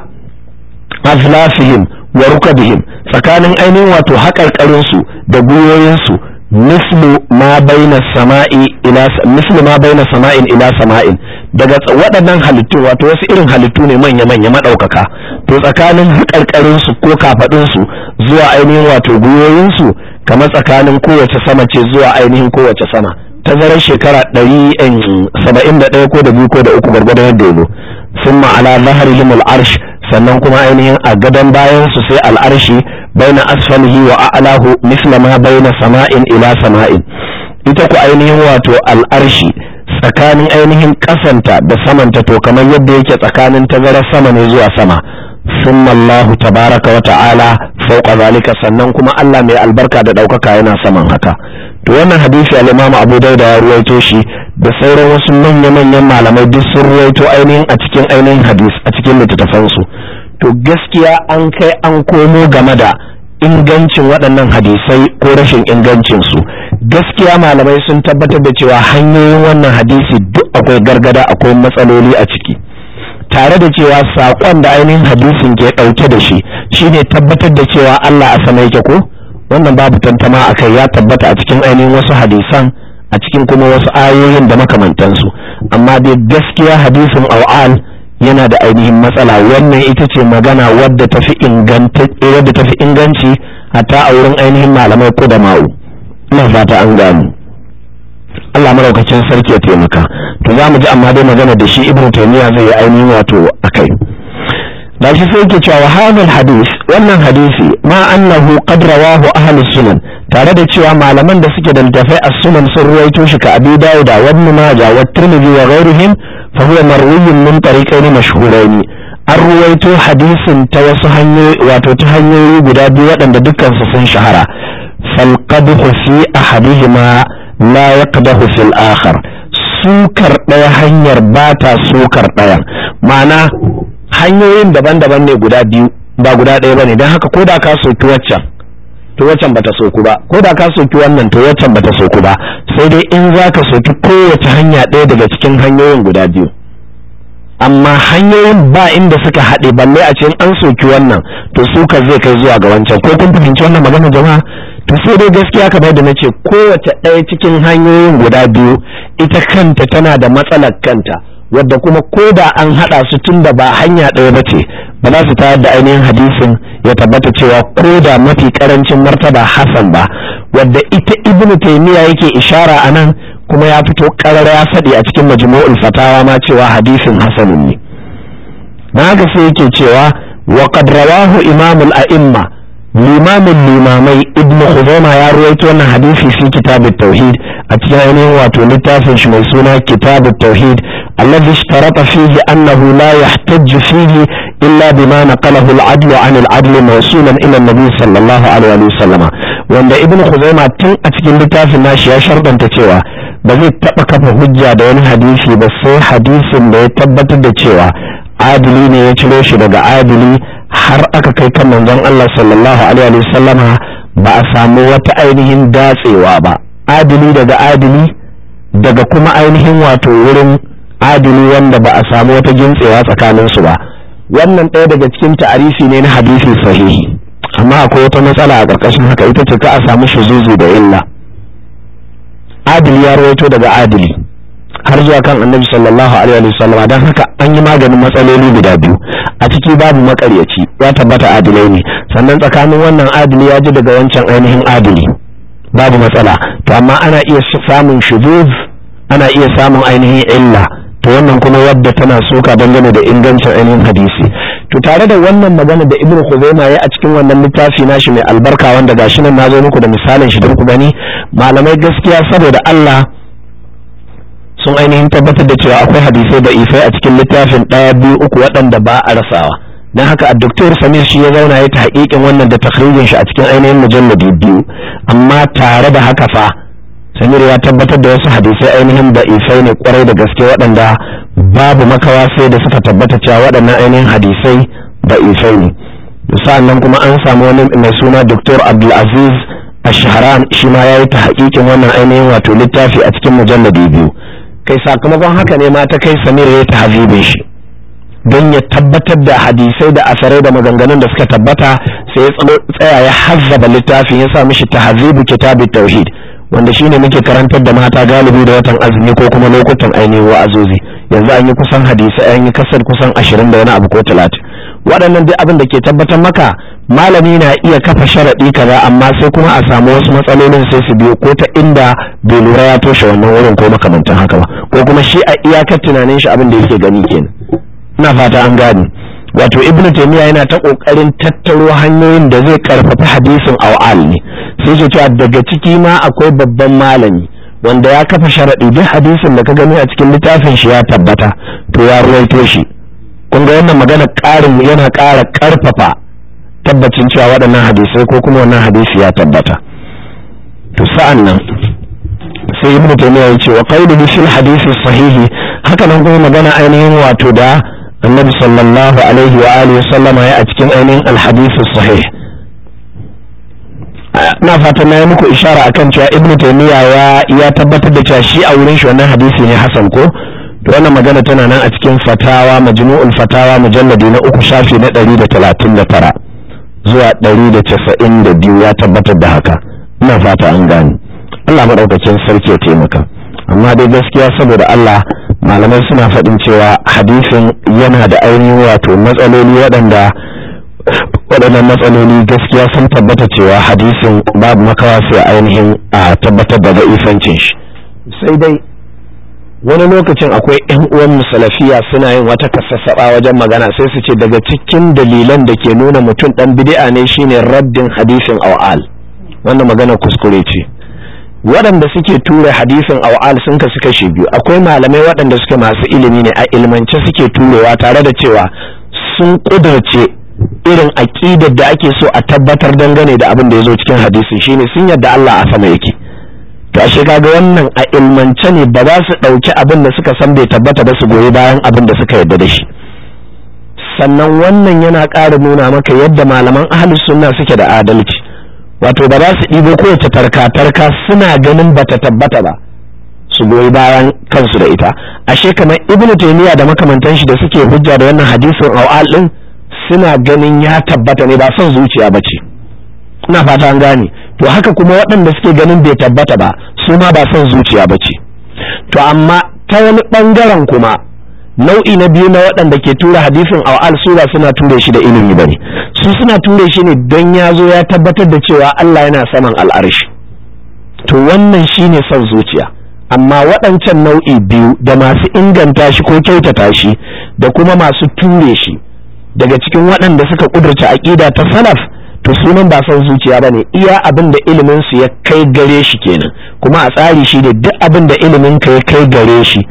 azlafihim wa rukabihim tsakanin ainihin wato haƙarƙarinsu su da gwiwoyin su mislu ma baina sama'i ila mislu ma baina sama'in ila sama'in daga waɗannan halittu wato wasu irin halittu ne manya manya madaukaka to tsakanin hakarkarin su ko kafadin su zuwa ainihin wato guyoyin su kamar tsakanin kowace sama ce zuwa ainihin kowace sama tazarar shekara ɗari saba'in da ɗaya ko da biyu ko da uku gwargwadon yadda sun ma'ala zahar limul arsh sannan kuma ainihin a gadon bayan su sai al'arshi baina asfalihi wa a'lahu misla ma baina sama'in ila sama'in ita ku ainihin wato al'arshi tsakanin ainihin kasanta da samanta to kamar yadda yake tsakanin tazarar sama ne zuwa sama ثم الله tabaraka وتعالى فوق ذلك sannan kuma Allah mai albarka da ɗaukaka yana saman haka to wannan hadisi al-Imam Abu Dawud ya ruwaito shi da sauran wasu manyan manyan malamai duk sun ruwaito ainihin a cikin ainihin hadis a cikin littattafan su to gaskiya an kai an komo game da ingancin waɗannan hadisai ko rashin ingancin su gaskiya malamai sun tabbatar da cewa hanyoyin wannan hadisi duk akwai gargada akwai matsaloli a ciki tare da cewa saƙon da ainihin hadisin ke ɗauke da shi shine tabbatar da cewa Allah a sama yake ko wannan babu tantama a kai ya tabbata a cikin ainihin wasu hadisan a cikin kuma wasu ayoyin da makamantansu amma dai gaskiya hadisin au'al yana da ainihin matsala wannan ita ce magana wadda ta fi inganci hatta a wurin ainihin malamai ko da ma'u ina fata an gano Allah maraukacin sarki ya taimaka to za mu ji amma dai magana da shi ibnu taymiya zai yi ainihin wato akai da shi sai yake cewa hadal hadis wannan hadisi ma annahu qad rawahu ahli sunan tare da cewa malaman da suke da littafai as-sunan sun ruwaito shi ka abi dauda wa ibn majah wa tirmidhi wa ghairihim fa huwa marwiyyun min tariqaini mashhuraini an ruwaito hadisin ta wasu hanyoyi wato ta hanyoyi guda biyu waɗanda dukkansu sun shahara fal qadhu fi ahadihima la yaqdahu fil akhar sukar ɗaya hanyar ba ta sukar ɗaya ma'ana hanyoyin daban-daban ne guda biyu ba guda ɗaya bane don haka ko da ka soki waccan to waccan bata soku ba ko da ka soki wannan to waccan bata soku ba sai dai in zaka soki kowace hanya ɗaya daga cikin hanyoyin guda biyu amma hanyoyin ba inda suka haɗe balle a cikin an soki wannan to suka zai kai zuwa ga wancan ko kun fahimci wannan magana jama'a to sai dai gaskiya kamar da nace kowace ɗaya cikin hanyoyin guda biyu ita kanta tana da matsalar kanta wadda kuma ko da an haɗa su tun da ba hanya ɗaya ba ce ba za su tayar da ainihin hadisin ya tabbata cewa ko da mafi karancin martaba hasan ba wadda ita ibnu taimiya yake ishara a nan. kuma ya fito karara ya faɗi a cikin majmu'ul fatawa ma cewa hadisin hasanin ne na haka sai yake cewa wa qad rawahu imamul a'imma limamin limamai ibn khuzaima ya ruwaito wannan hadisi fi kitabut tauhid a cikin ainihin wato littafin shi mai suna kitabut tauhid alladhi ishtarata fihi annahu la yahtajju fihi illa bima naqalahu al-adl an al-adl mawsulan ila an-nabi sallallahu alaihi wa sallama. wanda ibn khuzaima tun a cikin littafin nashi ya shardanta cewa ba zai taɓa kafa hujja da wani hadisi ba sai hadisin da ya tabbatar da cewa adili ne ya ciro shi daga adili har aka kai kan manzon Allah sallallahu alaihi wasallama ba a samu wata ainihin datsewa ba adili daga adili daga kuma ainihin wato wurin adili wanda ba a samu wata gintsewa tsakaninsu ba wannan ɗaya daga cikin ta'arifi ne na hadisi sahihi amma akwai wata matsala a ƙarƙashin haka ita ce ka a samu shuzuzu da illa adili ya rawaito daga adili har zuwa kan annabi sallallahu alaihi sallam dan haka an yi maganin matsaloli guda biyu a ciki babu makaryaci ya tabbata adilai ne sannan tsakanin wannan adili ya ji daga wancan ainihin adili babu matsala to amma ana iya samun shuzuz ana iya samun ainihin illa to wannan kuma wadda tana soka dangane da ingancin ainihin hadisi to tare da wannan magana da ibnu khuzaima ya a cikin wannan littafi na shi mai albarka wanda gashi nan nazo muku da misalin shi don ku gani malamai gaskiya saboda Allah sun ainihin tabbatar da cewa akwai hadisai da ifai a cikin littafin ɗaya biyu uku waɗanda ba a rasawa dan haka a samir shi ya zauna ya ta haƙiƙin wannan da takririn shi a cikin ainihin mujalladi biyu amma tare da haka fa samir ya tabbatar da wasu hadisai ainihin da ifai ne kwarai da gaske waɗanda babu makawa sai da suka tabbata cewa waɗannan ainihin hadisai da ifai ne sa'annan kuma an samu wani mai suna dr abdulaziz ashharan shi ma ya yi ta hakikin wannan ainihin wato littafi a cikin mujalladi biyu kai sakamakon haka ne ma ta kai samir ya ta hazibin shi don ya tabbatar da hadisai da asarai da maganganun da suka tabbata sai ya tsaya ya hazzaba littafin ya sa mishi ta hazibu kitabin tauhid wanda shine muke karantar da mata galibi da watan azumi ko kuma lokutan ainihin wa'azozi yanzu an yi kusan hadisi an yi kasar kusan ashirin da wani abu ko talatin waɗannan dai abin da ke tabbatar maka malami na iya kafa sharaɗi kaza amma sai kuma a samu wasu matsalolin sai su biyo ko ta inda bai lura ya toshe wannan wurin ko makamantan haka ba ko kuma shi a iyakar tunanin shi abin da yake gani kenan ina fata an gane wato ibnu taymiya yana ta kokarin tattaro hanyoyin da zai karfafa hadisin awal ne sai ce cewa daga ciki ma akwai babban malami wanda ya kafa sharadi duk hadisin da ka gani a cikin littafin shi ya tabbata to ya ruwaito shi kun ga wannan magana karin yana ƙara karfafa tabbacin cewa waɗannan hadisai ko kuma wannan hadisi ya tabbata to sa'an nan sai ibnu taymiya ya ce wa qawluhu fil hadisi sahihi haka nan kuma magana ainihin wato da annabi sallallahu alaihi wa alihi sallama ya a cikin ainihin alhadithu sahih na fata na yi muku ishara akan cewa ibnu taymiya ya ya tabbatar da cewa shi a wurin shi wannan hadisi ne hasan ko to wannan magana tana nan a cikin fatawa majmu'ul fatawa mujalladi na uku shafi na 139 zuwa 192 ya tabbatar da haka ina fata an gane Allah madaukakin sarki ya taimaka amma dai gaskiya saboda Allah malamai suna faɗin cewa hadisin yana da ainihin wato matsaloli waɗanda waɗannan matsaloli gaskiya sun tabbata cewa hadisin babu makawa sai ainihin a tabbatar da za'ifancin shi sai dai wani lokacin akwai 'yan uwan musalafiya suna yin wata kasassaɓa wajen magana sai su ce daga cikin dalilan da ke nuna mutum ɗan bidi'a ne shine raddin hadisin au'al wannan magana kuskure ce waɗanda suke tura hadisin awal sun kasu kashe biyu akwai malamai waɗanda suke masu ilimi ne a ilmance suke turewa tare da cewa sun ƙudurce irin aƙidar da ake so a tabbatar dangane da abin da ya zo cikin hadisi shine sun yadda Allah a sama yake to ashe kaga wannan a ilmance ne ba za su ɗauki abin da suka san bai tabbata ba su goyi bayan abin da suka yadda da shi sannan wannan yana ƙara nuna maka yadda malaman ahlus sunna suke da adalci wato ba za su ɗibo kowace tarka-tarka suna ganin bata tabbata ba su goyi bayan kansu da ita ashe kamar ibnu taymiya da makamantan shi da suke hujja da wannan hadisin awal din suna ganin ya tabbata ne ba son zuciya ba ce ina fata an gane to haka kuma waɗanda suke ganin bai tabbata ba su ma ba son zuciya ba ce to amma ta wani ɓangaren kuma nau'i na biyu na waɗanda ke tura hadisin a al sura suna ture shi da ilimi ba ne su suna ture shi ne don ya zo ya tabbatar da cewa Allah yana saman al'arshi to wannan shi ne son zuciya amma waɗancan nau'i biyu da masu inganta shi ko kyautata shi da kuma masu ture shi daga cikin waɗanda suka ƙudurta aƙida ta salaf to sunan ba son zuciya ba ne iya abin da ilimin su ya kai gare shi kenan kuma a tsari shi ne duk abin da ilimin ka ya kai gare shi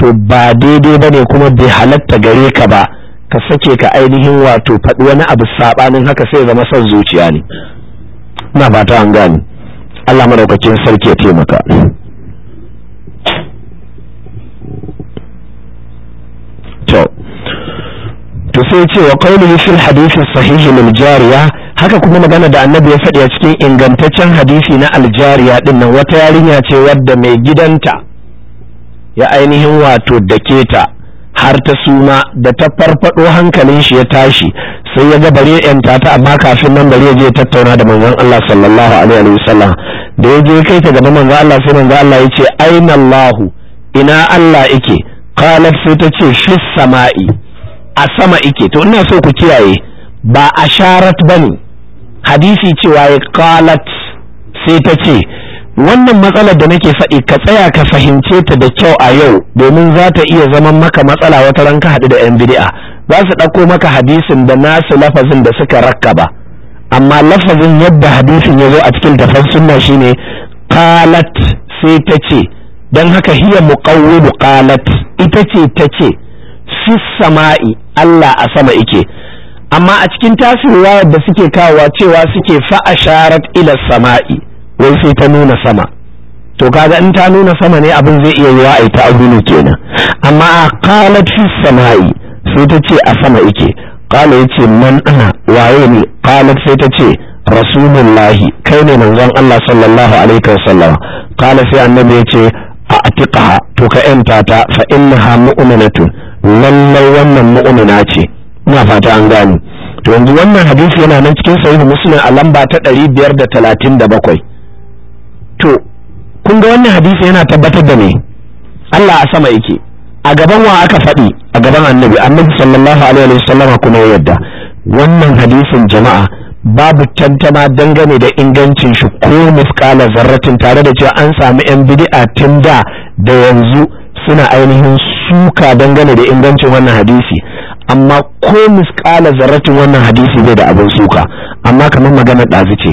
to ba daidai ba ne kuma bai halatta gare ka ba ka sake ka ainihin wato faɗi wani abu saɓanin haka sai zama son zuciya ne na ba ta an gani Allah madaukakin sarki ya taimaka to sai ce wa qawluhu fil hadith sahihi min jariya haka kuma magana da annabi ya faɗi a cikin ingantaccen hadisi na aljariya din nan wata yarinya ce wadda mai gidanta ya ainihin wato da ta har ta suma da ta farfado hankalin shi ya tashi sai ya ga bare yanta ta amma kafin nan bare je tattauna da manzon Allah sallallahu alaihi wasallam da ya je kai ta gaban manzon Allah sai manzon Allah ya ce aina Allah ina Allah yake qalat sai ta ce shi sama'i a sama yake to ina so ku kiyaye ba asharat bane hadisi cewa ya qalat sai ta ce wannan matsalar da nake faɗi ka tsaya ka fahimce ta da kyau a yau domin za ta iya zaman maka matsala wata ranka haɗu da 'yan bid'a za su ɗauko maka hadisin da nasu lafazin da suka rakkaba amma lafazin yadda hadisin ya zo a cikin tafar sunna shine qalat sai ta ce don haka hiya muqawwidu qalat ita ce ta ce fi sama'i Allah a sama ike amma a cikin tasirin da suke kawowa cewa suke fa'a sharar ila sama'i wai sai ta nuna sama to kaga in ta nuna sama ne abin zai iya yiwa a ta kenan amma a kalat fi sama'i sai ta ce a sama yake ya yace man ana waye ne kalat sai ta ce rasulullahi kai ne manzon Allah sallallahu alaihi wasallam kala sai annabi ce a atiqaha to ka yanta ta fa innaha mu'minatun lallai wannan mu'mina ce ina fata an gani to yanzu wannan hadisi yana nan cikin sahihu muslim a lamba ta ɗari biyar da da talatin 537 to kun ga wannan hadisi yana tabbatar da me Allah a sama yake a gaban wa aka faɗi a gaban annabi annabi sallallahu alaihi wa sallama kuma yadda wannan hadisin jama'a babu tantama dangane da ingancin shi ko muskala zarratin tare da cewa an samu yan bid'a tun da da yanzu suna ainihin suka dangane da ingancin wannan hadisi amma ko muskala zarratin wannan hadisi bai da abin suka amma kamar magana ɗazu ce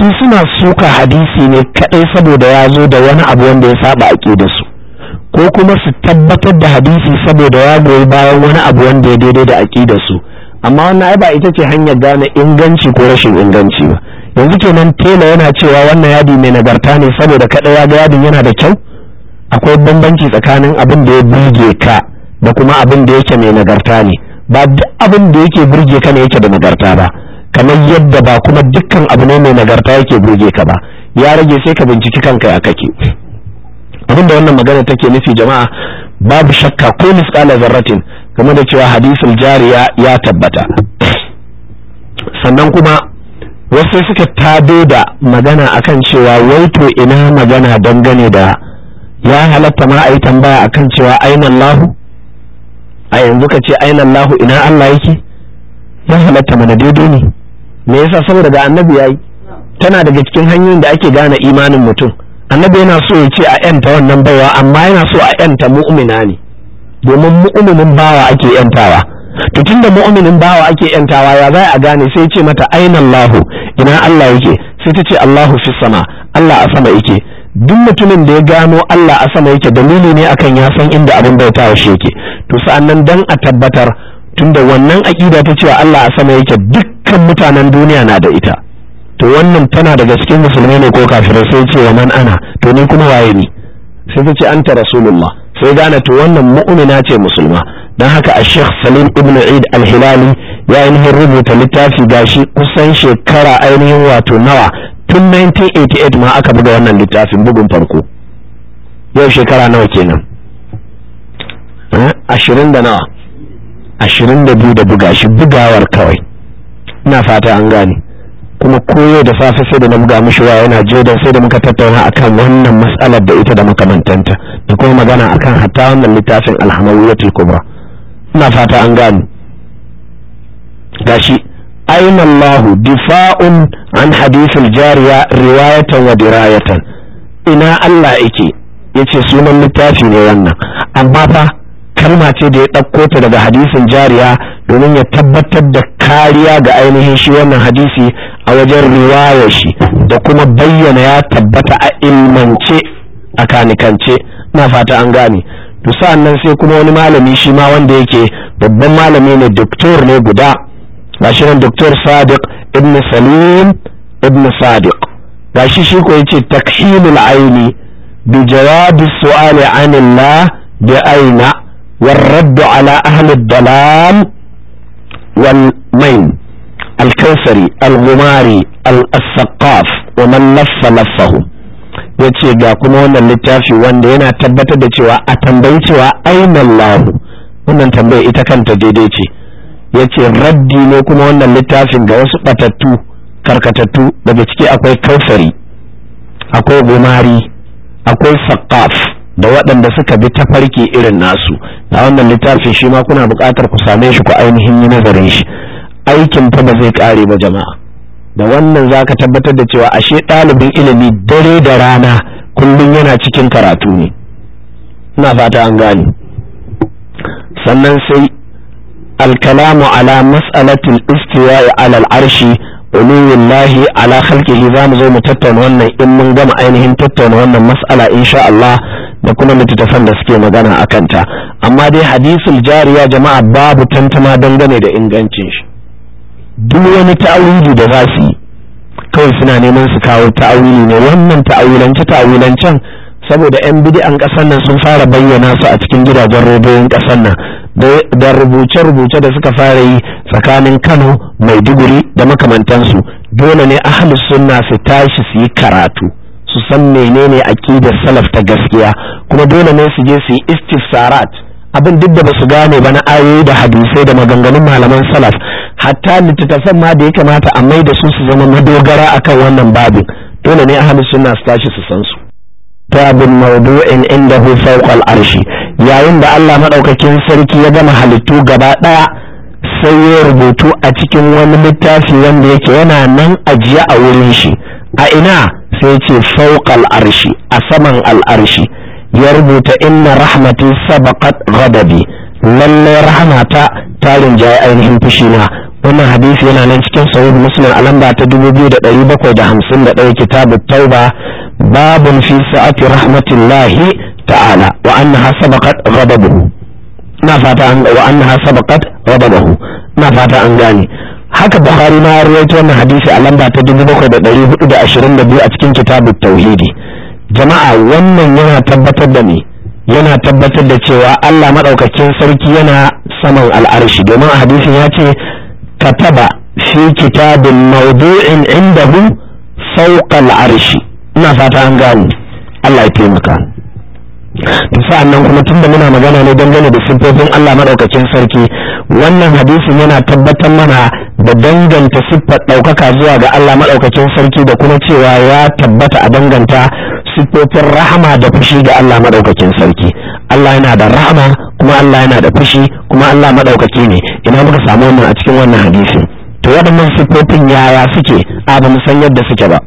su suna suka hadisi ne kadai saboda ya zo da wani abu wanda ya saba da su ko kuma su tabbatar da hadisi saboda ya goyi bayan wani abu wanda ya daidai da da su amma wannan ai ba ita ce hanyar gane inganci ko rashin inganci ba yanzu kenan tela yana cewa wannan yadi mai nagarta ne saboda kadai ya ga yadin yana da kyau akwai bambanci tsakanin abin da ya burge ka da kuma abin da yake mai nagarta ne ba duk abin da yake burge ka ne yake da nagarta ba kamar yadda ba kuma dukkan abu ne mai nagarta yake burge ka ba ya rage sai ka binciki kanka ya kake abin da wannan magana take nufi jama'a babu shakka ko misqala zarratin game da cewa hadisul jariya ya tabbata sannan kuma wasu suka tado da magana akan cewa to ina magana dangane da ya halatta ma a yi tambaya akan cewa aina a yanzu ka ce aina ina Allah yake ya halatta mana daidai ne me yasa saboda ga annabi yayi tana daga cikin hanyoyin da ake gane imanin mutum annabi yana so ya ce a yanta wannan baiwa amma yana so a yanta mu'mina ne domin mu'minin bawa ake yantawa to tunda mu'minin bawa ake yantawa ya za a gane sai ce mata aina Allahu ina Allah yake sai ta ce Allahu fi sama Allah a sama yake duk mutumin da ya gano Allah a sama yake dalili ne akan ya san inda abin bautawa shi yake to sa'annan dan a tabbatar tunda wannan aƙida ta cewa Allah a sama yake dukkan mutanen duniya na da ita to wannan tana daga cikin musulmai ne ko kafirai sai ce wa man ana to ni kuma waye ni sai ta ce anta rasulullah sai gane to wannan mu'mina ce musulma dan haka a sheikh salim ibn eid al-hilali ya yi rubuta littafi gashi kusan shekara ainihin wato nawa tun 1988 ma aka buga wannan littafin bugun farko yau shekara nawa kenan eh, ashirin da nawa ashirin da biyu da buga shi bugawar kawai ina fata an gane kuma koyo da safe sai da na buga mishi waya yana jodan sai da muka tattauna akan wannan matsalar da ita da makamantanta da kuma magana akan hatta wannan littafin ya kubra ina fata an gane gashi aina Allah difa'un an hadithul jariya riwayatan wa dirayatan ina Allah yake yace sunan littafi ne wannan amma fa kalma ce da ya ɗauko ta daga hadisin jariya domin ya tabbatar da kariya ga ainihin shi wannan hadisi a wajen riwaya shi da kuma bayyana ya tabbata a ilmance a kanikance na fata an gane to sa'an nan sai kuma wani malami shi ma wanda yake babban malami ne doktor ne guda gashi nan doktor sadiq ibn salim ibn sadiq gashi shi ko yace takhilul aini bi jawabi su'ali anillah bi aina والرد على أهل الضلال والمين الكوثري الغماري الثقاف ومن لف لفه yace ga kuma wannan littafi wanda yana tabbatar da cewa a tambayi cewa aina Allah wannan tambaya ita kanta daidai ce yace raddi ne kuma wannan littafin ga wasu batattu karkatattu daga ciki akwai kausari akwai gumari akwai saqaf da waɗanda suka bi ta farki irin nasu na wannan littafin shi ma kuna buƙatar ku same shi ku ainihin yi nazarin shi aikin fa ba zai ƙare ba jama'a da wannan za ka tabbatar da cewa ashe ɗalibin ilimi dare da rana kullum yana cikin karatu ne ina fata an gane sannan sai alkalamu ala mas'alatul istiwa'i ala al'arshi uluwillahi ala khalqihi za mu zo mu tattauna wannan in mun gama ainihin tattauna wannan mas'ala insha Allah da kuma littattafan da suke magana a kanta amma dai hadisul jariya jama'a babu tantama dangane da ingancin shi duk wani ta'awili da za su yi kawai suna neman su kawo ta'awili ne wannan ta'awilance ta'awilancen saboda 'yan bidi'an ƙasar nan sun fara bayyana su a cikin gidajen rediyon ƙasar nan da rubuce-rubuce da suka fara yi tsakanin kano maiduguri da makamantansu dole ne ahalus sunna su tashi su yi karatu su san menene aqidar salaf ta gaskiya kuma dole ne su je su yi istifsarat abin duk da basu gane ba na ayoyi da hadisai da maganganun malaman salaf hatta littattafan ma da ya kamata a mai da su su zama madogara akan wannan babin dole ne ahlus sunna su tashi su san su kitabun mawdu'in indahu fawqa al-arshi yayin da Allah madaukakin sarki ya gama halittu gaba daya sai ya rubutu a cikin wani littafi wanda yake yana nan ajiye a wurin shi a ina sai ce fauƙal arshi a saman al'arshi ya rubuta inna rahmati sabaqat ghadabi lalle rahmata ta rinjaye ainihin fushina wannan hadisi yana nan cikin sahih muslim a lamba ta 2751 kitabu tauba babun fi sa'ati rahmatillahi ta'ala wa annaha sabaqat ghadabuhu na fata an wa annaha sabaqat ghadabuhu na fata an gani haka buhari ma ya rawaito wannan hadisi a lamba ta dubu bakwai da da da ɗari ashirin biyu a cikin kitabu tauhidi jama'a wannan yana tabbatar da ne yana tabbatar da cewa Allah maɗaukakin sarki yana saman al'arshi domin a hadisin ya ce kataba fi kitabin inda indahu fawqa al'arshi ina fata an gano Allah ya taimaka to sa'an nan kuma tunda muna magana ne dangane da siffofin Allah madaukakin sarki wannan hadisin yana tabbatar mana da danganta siffar ɗaukaka zuwa ga Allah madaukakin sarki da kuma cewa ya tabbata a danganta siffofin rahama da fushi ga Allah madaukakin sarki Allah yana da rahama kuma Allah yana da fushi kuma Allah madaukaki ne ina muka samu wannan a cikin wannan hadisin to waɗannan siffofin yaya suke a ba mu san yadda suke ba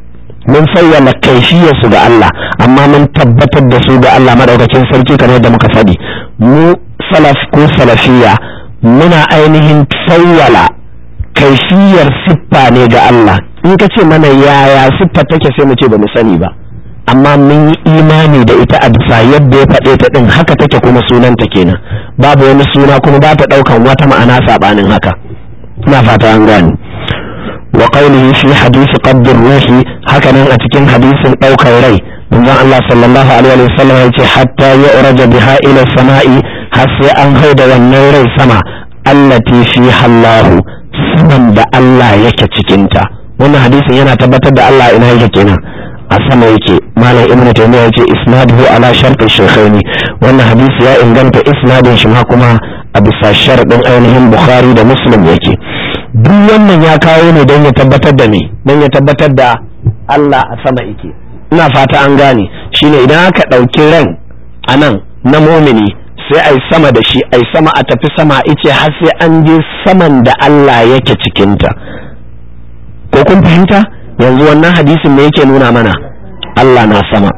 mun fayyana kaifiyarsu ga Allah amma mun tabbatar da su ga Allah madaukakin sarki kamar yadda muka faɗi mu salaf ko salafiya muna ainihin fayyala kaifiyar siffa ne ga Allah in ka ce mana yaya siffa take sai mu ce ba mu sani ba amma mun yi imani da ita a bisa yadda ya faɗe ta ɗin haka take kuma sunanta kenan babu wani suna kuma ba ta ɗaukan wata ma'ana saɓanin haka ina fata an gani wa qawlihi fi hadisi qabd ruhi hakanan a cikin hadisin daukar rai manzon Allah sallallahu alaihi wa sallam yace hatta yu'raja biha ila sama'i har sai an da wannan rai sama allati fi hallahu saman da Allah yake cikinta wannan hadisin yana tabbatar da Allah ina yake kenan a sama yake malam ibnu taymiya yace isnaduhu ala shartin shaykhaini wannan hadisi ya inganta isnadin shi ma kuma a bisa sharadin ainihin bukhari da muslim yake duk wannan ya kawo ne don ya tabbatar da me don ya tabbatar da Allah a sama yake ina fata an gane shine idan aka ɗauki ran a nan na momini sai ai sama da shi ai sama a tafi sama ice har sai an je saman da Allah yake cikinta ko kun fahimta yanzu wannan hadisin ne yake nuna mana Allah na sama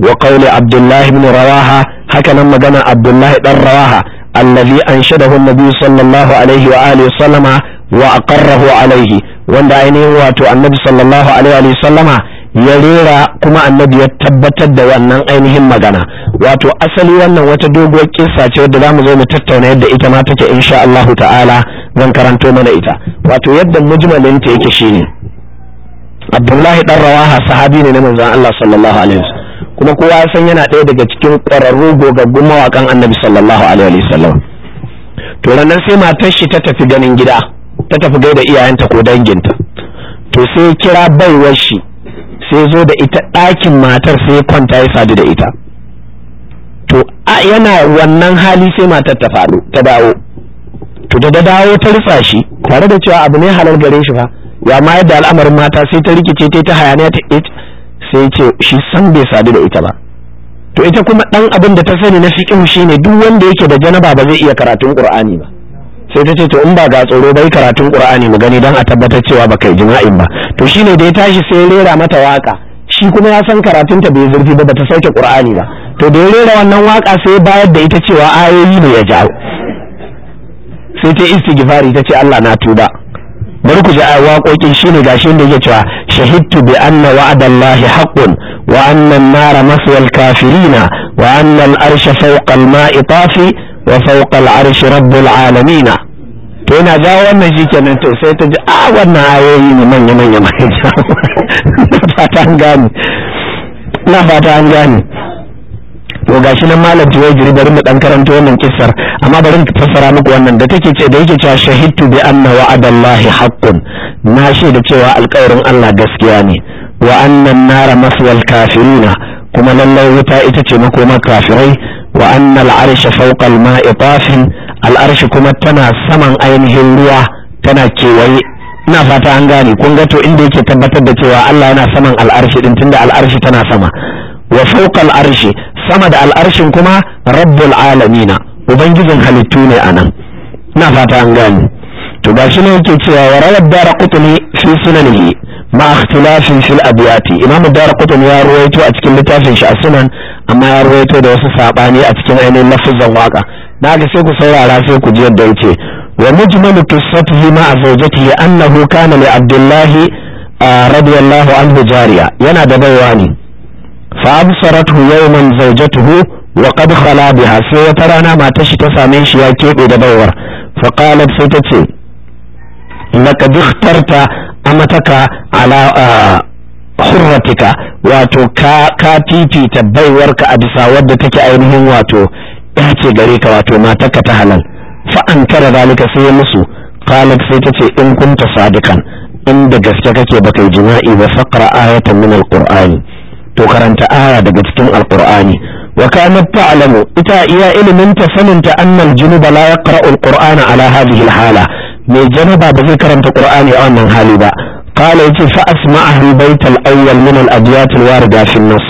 wa qawli abdullahi ibn Rawaha haka nan magana Abdullahi dan Rawaha annabi an an annabi sallallahu alaihi wa alihi sallama wa aqarrahu alaihi wanda ainihin wato annabi sallallahu alaihi sallama ya rera kuma annabi ya tabbatar da wannan ainihin magana wato asali wannan wata doguwar kissa ce wadda zamu zo mu tattauna yadda ita ma take insha Allahu ta'ala zan karanto mana ita wato yadda mujmalin ta yake shine Abdullahi dan Rawaha sahabi ne na manzon Allah sallallahu alaihi wasallam kuma kowa ya san yana ɗaya daga cikin ƙwararru gogaggun mawaƙan annabi sallallahu alaihi wasallam to ranar sai matar shi ta tafi ganin gida ta tafi gaida iyayenta ko danginta to sai kira baiwar shi sai zo da ita ɗakin matar sai kwanta ya sadu da ita to a yana wannan hali sai matar ta faru ta dawo to da dawo ta rufa shi tare da cewa abu ne halar gare shi fa ya ma yadda al'amarin mata sai ta rikice ta ta hayaniya ta it sai ce shi san bai sadu da ita ba to ita kuma dan abin da ta sani na fiqh shine duk wanda yake da janaba ba zai iya karatun qur'ani ba sai ta ce to in ba ga tsoro bai karatun qur'ani mu gani dan a tabbatar cewa ba kai jima'in ba to shine da ya tashi sai rera mata waka shi kuma ya san karatun ta bai zurfi ba bata sauke qur'ani ba to da ya rera wannan waka sai bayar da ita cewa ayoyi ne ya jawo sai ta istighfari ta ce Allah na tuba bari ku ji a waƙoƙin shi ne gashi da yake cewa shahidtu bi anna wa'adallahi haqqun wa anna an-nara maswal kafirina wa anna al-arsha fawqa al-ma'i tafi wa fawqa arshi rabbul alamin to yana jawo wannan shikenan to sai ta ji a wannan ayoyi ne manya manya mai jawo fata an gane na fata an gane to gashi nan malam jiri bari mu dan karanta wannan kissar amma bari mu fassara muku wannan da take ce da yake cewa shahidtu bi anna wa'adallahi haqqun na shaida cewa alƙawarin Allah gaskiya ne wa annan nara maswal kafirina kuma lallai wuta ita ce makoma kafirai wa annal arsha fawqa mai tafin al'arshi kuma tana saman ainihin ruwa tana kewaye ina fata an gane kun ga to inda yake tabbatar da cewa Allah yana saman al'arshi din tunda al'arshi tana sama wa fawqa al'arshi sama da al'arshin kuma rabbul alamina ubangijin halittu ne anan ina fata an gane to gashi ne yake cewa wa rawad daraqutni fi sunanihi ma ikhtilafin fil abiyati imam darqutni ya ruwaito a cikin littafin shi as amma ya ruwaito da wasu sabani a cikin ainihin lafzan waka naga sai ku saurara sai ku ji yadda yake wa mujmalu qissatihi ma zawjatihi annahu kana li Abdullahi radiyallahu anhu jariya yana da baiwa ne fa absarathu yawman zawjatuhu wa qad khala biha sai wata rana matar shi ta same shi ya kebe da baiwar fa qalat sai ta ce laqad ikhtarta amataka ala hurratika wato ka ka fifita baiwarka a bisa wadda take ainihin wato ya ce gare ka wato matarka ta halal fa an kara zalika sai ya musu qalat sai ta ce in kunta sadikan in da gaske kake baka yi jima'i ba faqra ayatan min alqur'ani to karanta aya daga cikin alqur'ani wa kanat ta'lamu ita iya ilimin ta sanin ta annal junuba la yaqra'u alqur'ana ala hadhihi alhala mai janaba ba zai karanta qur'ani a wannan hali ba qala yace fa asma'ahu baital awwal min al adyat al warida fi an-nass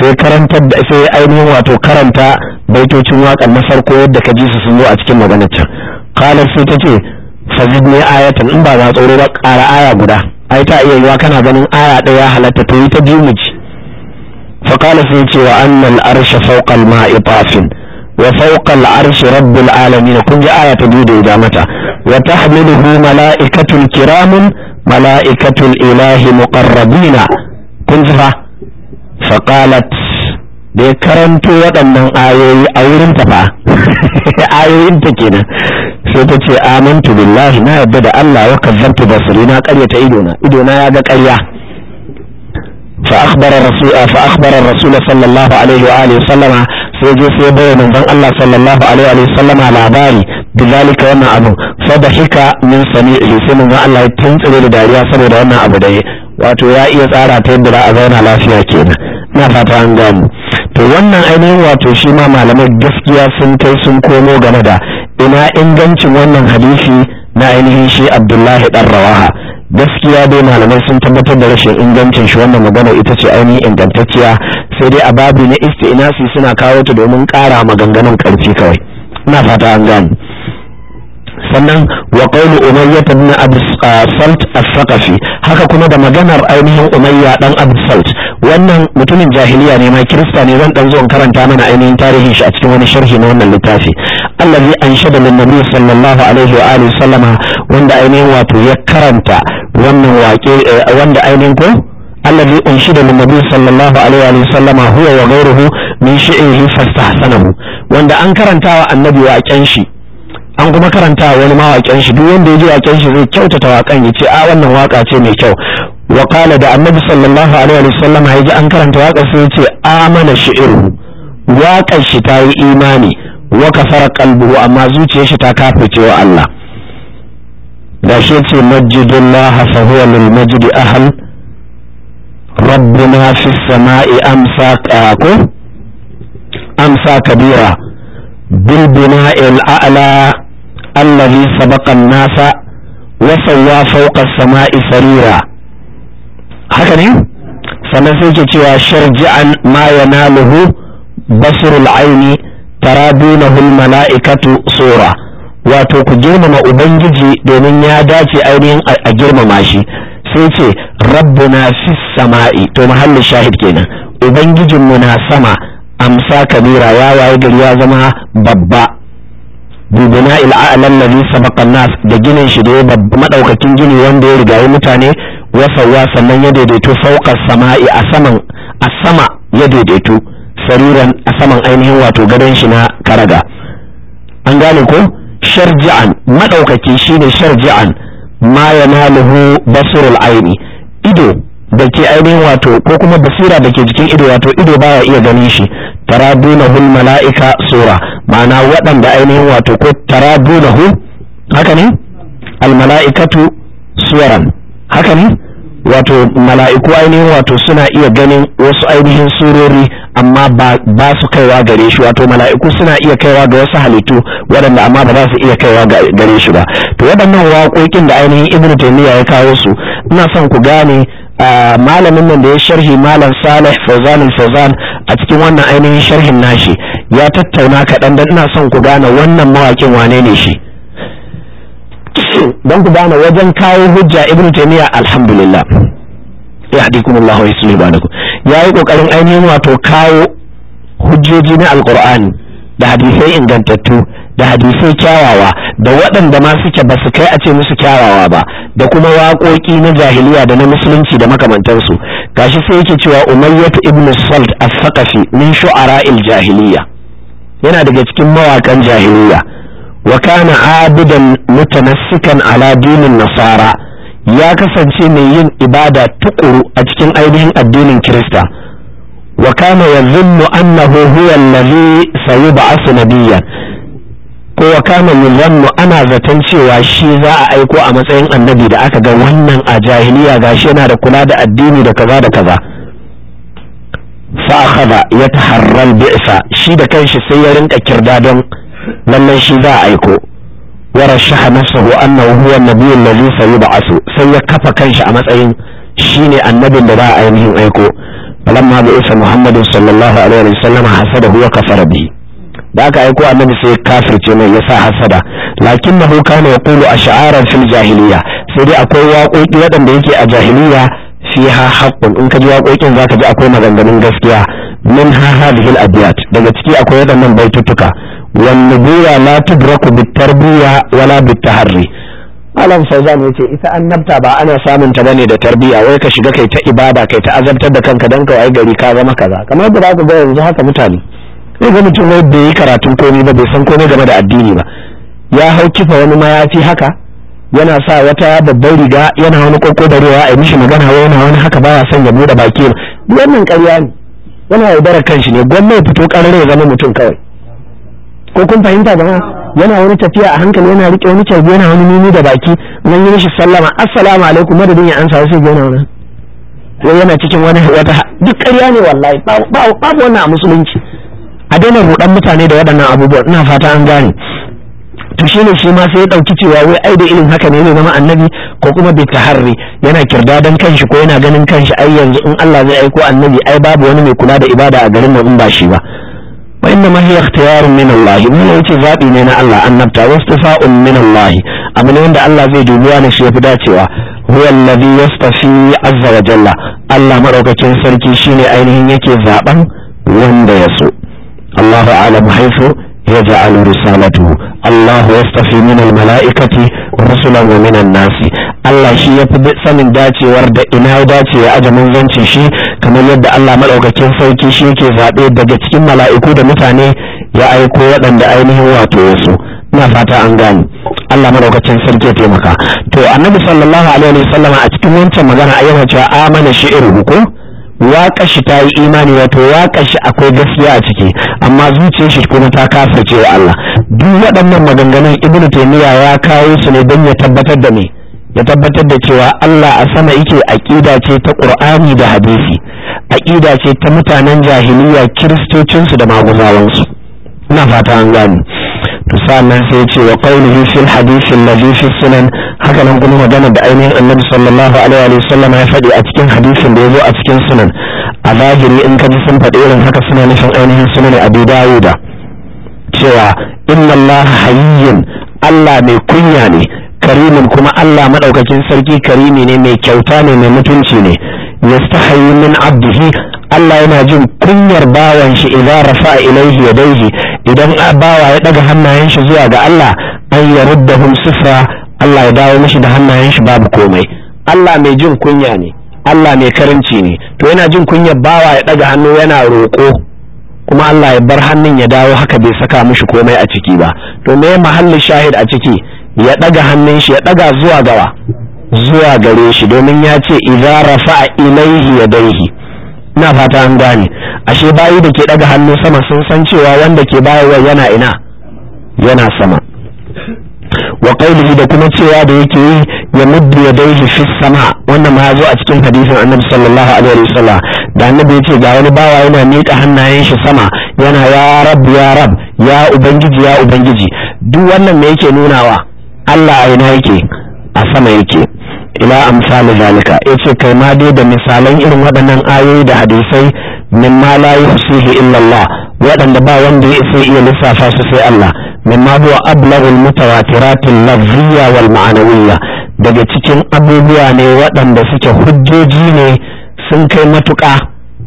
sai karantar da sai ainihin wato karanta baitocin waƙar na farko yadda ka ji su sun zo a cikin maganar can qala sai tace fazidni ayatan in ba za tsoro ba ƙara aya guda ai ta iya yiwa kana ganin aya ɗaya halatta to yi ta biyu mu ci فقال سنتي وأن الأرش فوق الماء طاف وفوق العرش رب العالمين كن آية تدود إدامتا wa tahmiluhu mala'ikatul kiramun mala'ikatul ilahi muqarrabina kun ji karanto waɗannan ayoyi a wurin ta fa ayoyin ta kenan sai ta ce billahi na yadda da Allah wa kazzabtu basiri na ƙaryata idona idona ya ga ƙarya فأخبر الرسول فأخبر الرسول صلى الله عليه وآله وسلم سيجي سيبوي من ذن الله صلى الله عليه وآله wa على labari. bilalika wannan abu fa hika min sami'i sai mun ga Allah ya tantsare da dariya saboda wannan abu dai wato ya iya tsara ta yadda za a zauna lafiya kenan na fata an gamu to wannan ainihin wato shi ma malamai gaskiya sun kai sun komo game da ina ingancin wannan hadisi na ainihin shi Abdullahi dan Rawaha gaskiya dai malamai sun tabbatar da rashin ingancin shi wannan magana ita ce ainihin ingantacciya sai dai a babu na isti'nasi suna kawo ta domin ƙara maganganun karfi kawai ina fata an gamu sannan wa qawlu umayya ibn abd as-saqafi haka kuma da maganar ainihin umayya dan abd salt wannan mutumin jahiliya ne ma kirista ne zan dan zo karanta mana ainihin tarihin shi a cikin wani sharhi na wannan littafi allazi anshada lin nabi sallallahu alaihi wa alihi sallama wanda ainihin wato ya karanta wannan waƙe eh, wanda ainihin ko الذي أنشد للنبي صلى الله عليه وسلم هو وغيره من شعره Wanda an karantawa annabi النبي shi. an kuma karanta wani mawaƙin shi duk wanda ya ji waƙen shi zai kyautata waƙan ya ce a wannan waƙa ce mai kyau wa qala da annabi sallallahu alaihi wa sallam ya ji an karanta waƙar sai ya ce amana shi'iru waƙar shi ta yi imani wa kafara qalbuhu amma zuciyar shi ta kafirce wa Allah da shi ce majidullah fa huwa lil majdi ahl rabbuna fis sama'i amsa ko amsa kabira bil a'la allazi sabaqa nasa wa sawwa fawqa samai sarira haka ne sannan sai ke cewa sharji'an ma yanaluhu basrul aini tara dunahu malaikatu sura wato ku girmama ubangiji domin ya dace ainihin a girmama shi sai ce rabbuna fis sama'i to mahallin shahid kenan ubangijinmu na sama amsa kabira ya waye gari ya zama babba bibina il'a'alan nabi sabakan nas da ginin shi da ya madaukakin gini wanda ya rigayi mutane wasawa sannan ya daidaito saukar sama'i a saman a sama ya daidaito sariran a saman ainihin wato gadon shi na karaga an gane ko sharji'an madaukaki shine sharji'an ma yanaluhu basrul aini ido da ke ainihin wato ko kuma basira da ke jikin ido wato ido baya iya ganin shi taradunahul mala'ika sura ma'ana waɗanda ainihin wato ko taradunahu haka ne al mala'ikatu suwaran haka ne wato mala'iku ainihin wato suna iya ganin wasu ainihin surori amma ba su kaiwa gare shi wato mala'iku suna iya kaiwa ga wasu halittu waɗanda amma ba za su iya kaiwa gare shi ba to waɗannan waƙoƙin da ainihin Ibn taymiya ya kawo su ina son ku gane malamin nan da ya sharhi malam salih fauzan fauzan a cikin wannan ainihin sharhin nashi ya tattauna kaɗan dan ina son ku gane wannan mawakin wane ne shi don ku gane wajen kawo hujja Ibn taymiya alhamdulillah yahdikumullahu wa yuslihu banakum yayi kokarin ainihin wato kawo hujjoji na alqur'ani da hadisai ingantattu da hadisai kyawawa da waɗanda ma suke ba su kai a ce musu kyawawa ba da kuma waƙoƙi na jahiliya da na musulunci da makamantansu gashi sai yake cewa umayyat ibn salt as-saqafi min shu'ara'il jahiliya yana daga cikin mawakan jahiliya wa kana abidan mutanassikan ala dinin nasara ya kasance mai yin ibada tukuru a cikin ainihin addinin kirista wa kana yazunnu annahu huwa allazi sayub'asu nabiyyan ko wa kana yuzannu ana zaton cewa shi za a aiko a matsayin annabi da aka ga wannan a jahiliya gashi yana da kula da addini da kaza da kaza fa akhadha yataharral bi'sa shi da kanshi sai ya rinka kirda don lallai shi za a aiko wa rashaha nafsahu annahu huwa an-nabiyyu alladhi sayub'asu sai ya kafa kanshi a matsayin shine annabin da za a ainihin aiko falamma bi'sa muhammadin sallallahu alaihi wasallam hasadahu wa kafara bihi da aka aiko annabi sai kafirce mai yasa hasada lakin lakinnahu kana a ash'aran fil jahiliya sai dai akwai waƙoƙi waɗanda yake a jahiliya ha haƙun in ka ji waƙoƙin zaka ji akwai maganganun gaskiya min ha hadhihi al daga ciki akwai waɗannan baitutuka wan nubuwa la tudraku bit tarbiya wala bit taharri malam fauzan yace ita annabta ba ana samun ta bane da tarbiya wai ka shiga kai ta ibada kai ta azabtar da kanka dan kai gari ka zama kaza kamar da za ku ga yanzu haka mutane zai ga mutum wai bai yi karatun komai ba bai san komai game da addini ba ya hau kifa wani mayafi haka yana sa wata babbar riga yana wani da rewa a mishi magana wai yana wani haka baya son ya bude baki wannan ƙarya ne yana yaudarar kanshi ne gwamna ya fito ƙarar ya zama mutum kawai ko kun fahimta ba yana wani tafiya a hankali yana riƙe wani carbi yana wani nini da baki nan yi mishi sallama assalamu alaikum madadin ya ansa sai yana wani yana cikin wani wata duk ƙarya ne wallahi babu wannan a musulunci a daina rudan mutane da waɗannan abubuwan ina fata an gane to shine shi ma sai ya ɗauki cewa wai ai da irin haka ne zai zama annabi ko kuma bai taharri yana kirdadan kanshi ko yana ganin kanshi ai yanzu in Allah zai aiko annabi ai babu wani mai kula da ibada a garin nan in ba shi ba wa inna ma hiya ikhtiyarun min Allah mun yace zabi ne na Allah annabta wastifa'un min Allah amma ne wanda Allah zai dubiya ne shi yafi dacewa huwa alladhi yastafi azza wa jalla Allah madaukakin sarki shine ainihin yake zaben wanda ya so الله أعلم حيث يجعل رسالته الله يستفي من الملائكة رسلا ومن nasi. Allah shi ya fi sanin dacewar da ina ya dace a aje manzancin shi kamar yadda Allah maɗaukakin sarki shi yake zaɓe daga cikin mala'iku da mutane ya aiko waɗanda ainihin wato wasu ina fata an gane Allah maɗaukacin sarki ya taimaka to annabi sallallahu alaihi wa sallam a cikin wancan magana a yawan cewa amana shi'iru ko waƙa shi ta yi imani wato waƙa shi akwai gaskiya a ciki amma zuciyar shi kuma ta kafirce wa Allah duk waɗannan maganganun ibn taymiya ya kawo su ne don ya tabbatar da me ya tabbatar da cewa Allah a sama yake aqida ce ta Qur'ani da hadisi aqida ce ta mutanen jahiliya kiristocinsu da maguzawansu ina fata an gani sannan sai ce wa qawlihi fil hadith alladhi fi sunan haka nan kuma magana da ainihin annabi sallallahu alaihi wa sallam ya faɗi a cikin hadisin da yazo a cikin sunan a zahiri in ka ji sun faɗi irin haka suna nufin ainihin sunan abu dawuda cewa inna allaha hayyun allah mai kunya ne karimin kuma allah madaukakin sarki karimi ne mai kyauta ne mai mutunci ne yastahi min abdihi Allah yana jin kunyar bawan shi idan rafa ilaihi yadaihi idan bawa ya daga hannayen shi zuwa ga Allah an yaruddahum sifra Allah ya dawo mishi da hannayen shi babu komai Allah mai jin kunya ne Allah mai karimci ne to yana jin kunyar bawa ya daga hannu yana roƙo kuma Allah ya bar hannun ya dawo haka bai saka mishi komai a ciki ba to me mahallin shahid a ciki ya daga hannun shi ya daga zuwa gawa zuwa gare shi domin ya ce idza rafa'a ilaihi yadaihi ina fata an gane ashe bayi da ke daga hannu sama sun san cewa wanda ke bayarwa yana ina yana sama wa qaulihi da kuma cewa da yake yi ya muddu yadaihi fi sama wannan ma zo a cikin hadisin annabi sallallahu alaihi wasallam da annabi ya ce ga wani bawa yana miƙa hannayen shi sama yana ya rab ya rab ya ubangiji ya ubangiji duk wannan me yake nunawa Allah a ina yake a sama yake ila amsali zalika yace kai ma dai da misalan irin waɗannan ayoyi da hadisai ma la yuhsihi illa Allah waɗanda ba wanda ya isa iya lissafa su sai Allah mimma huwa ablaghul mutawatiratil lafziyya wal ma'anawiyya daga cikin abubuwa ne waɗanda suke hujjoji ne sun kai matuƙa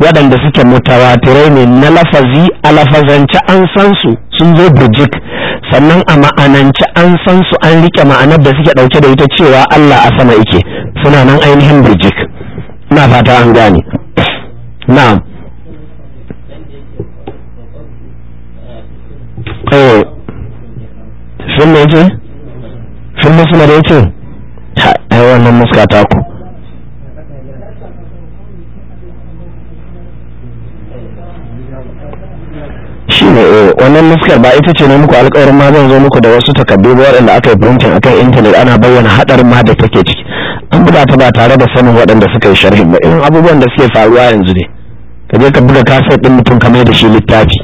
waɗanda suke mutawatirai ne na lafazi a lafazance an san su sun zo burjik sannan a ma'anance an san su an rike ma'anar da suke ɗauke da ita cewa Allah a sama ike suna nan ainihin burjik na fata an gane na fil eh. ne ce fil da yake yi wannan muskata ku shi ne eh, wannan nuskar ba ita ce ne muku alƙawarin ma zan zo muku da wasu takardu ba waɗanda aka yi printing akan intanet ana bayyana haɗarin ma da take ciki an buga ta ba tare da sanin waɗanda suka yi sharhin ba irin abubuwan da suke faruwa yanzu ne ka je ka buga kasar ɗin mutum ka mai da shi littafi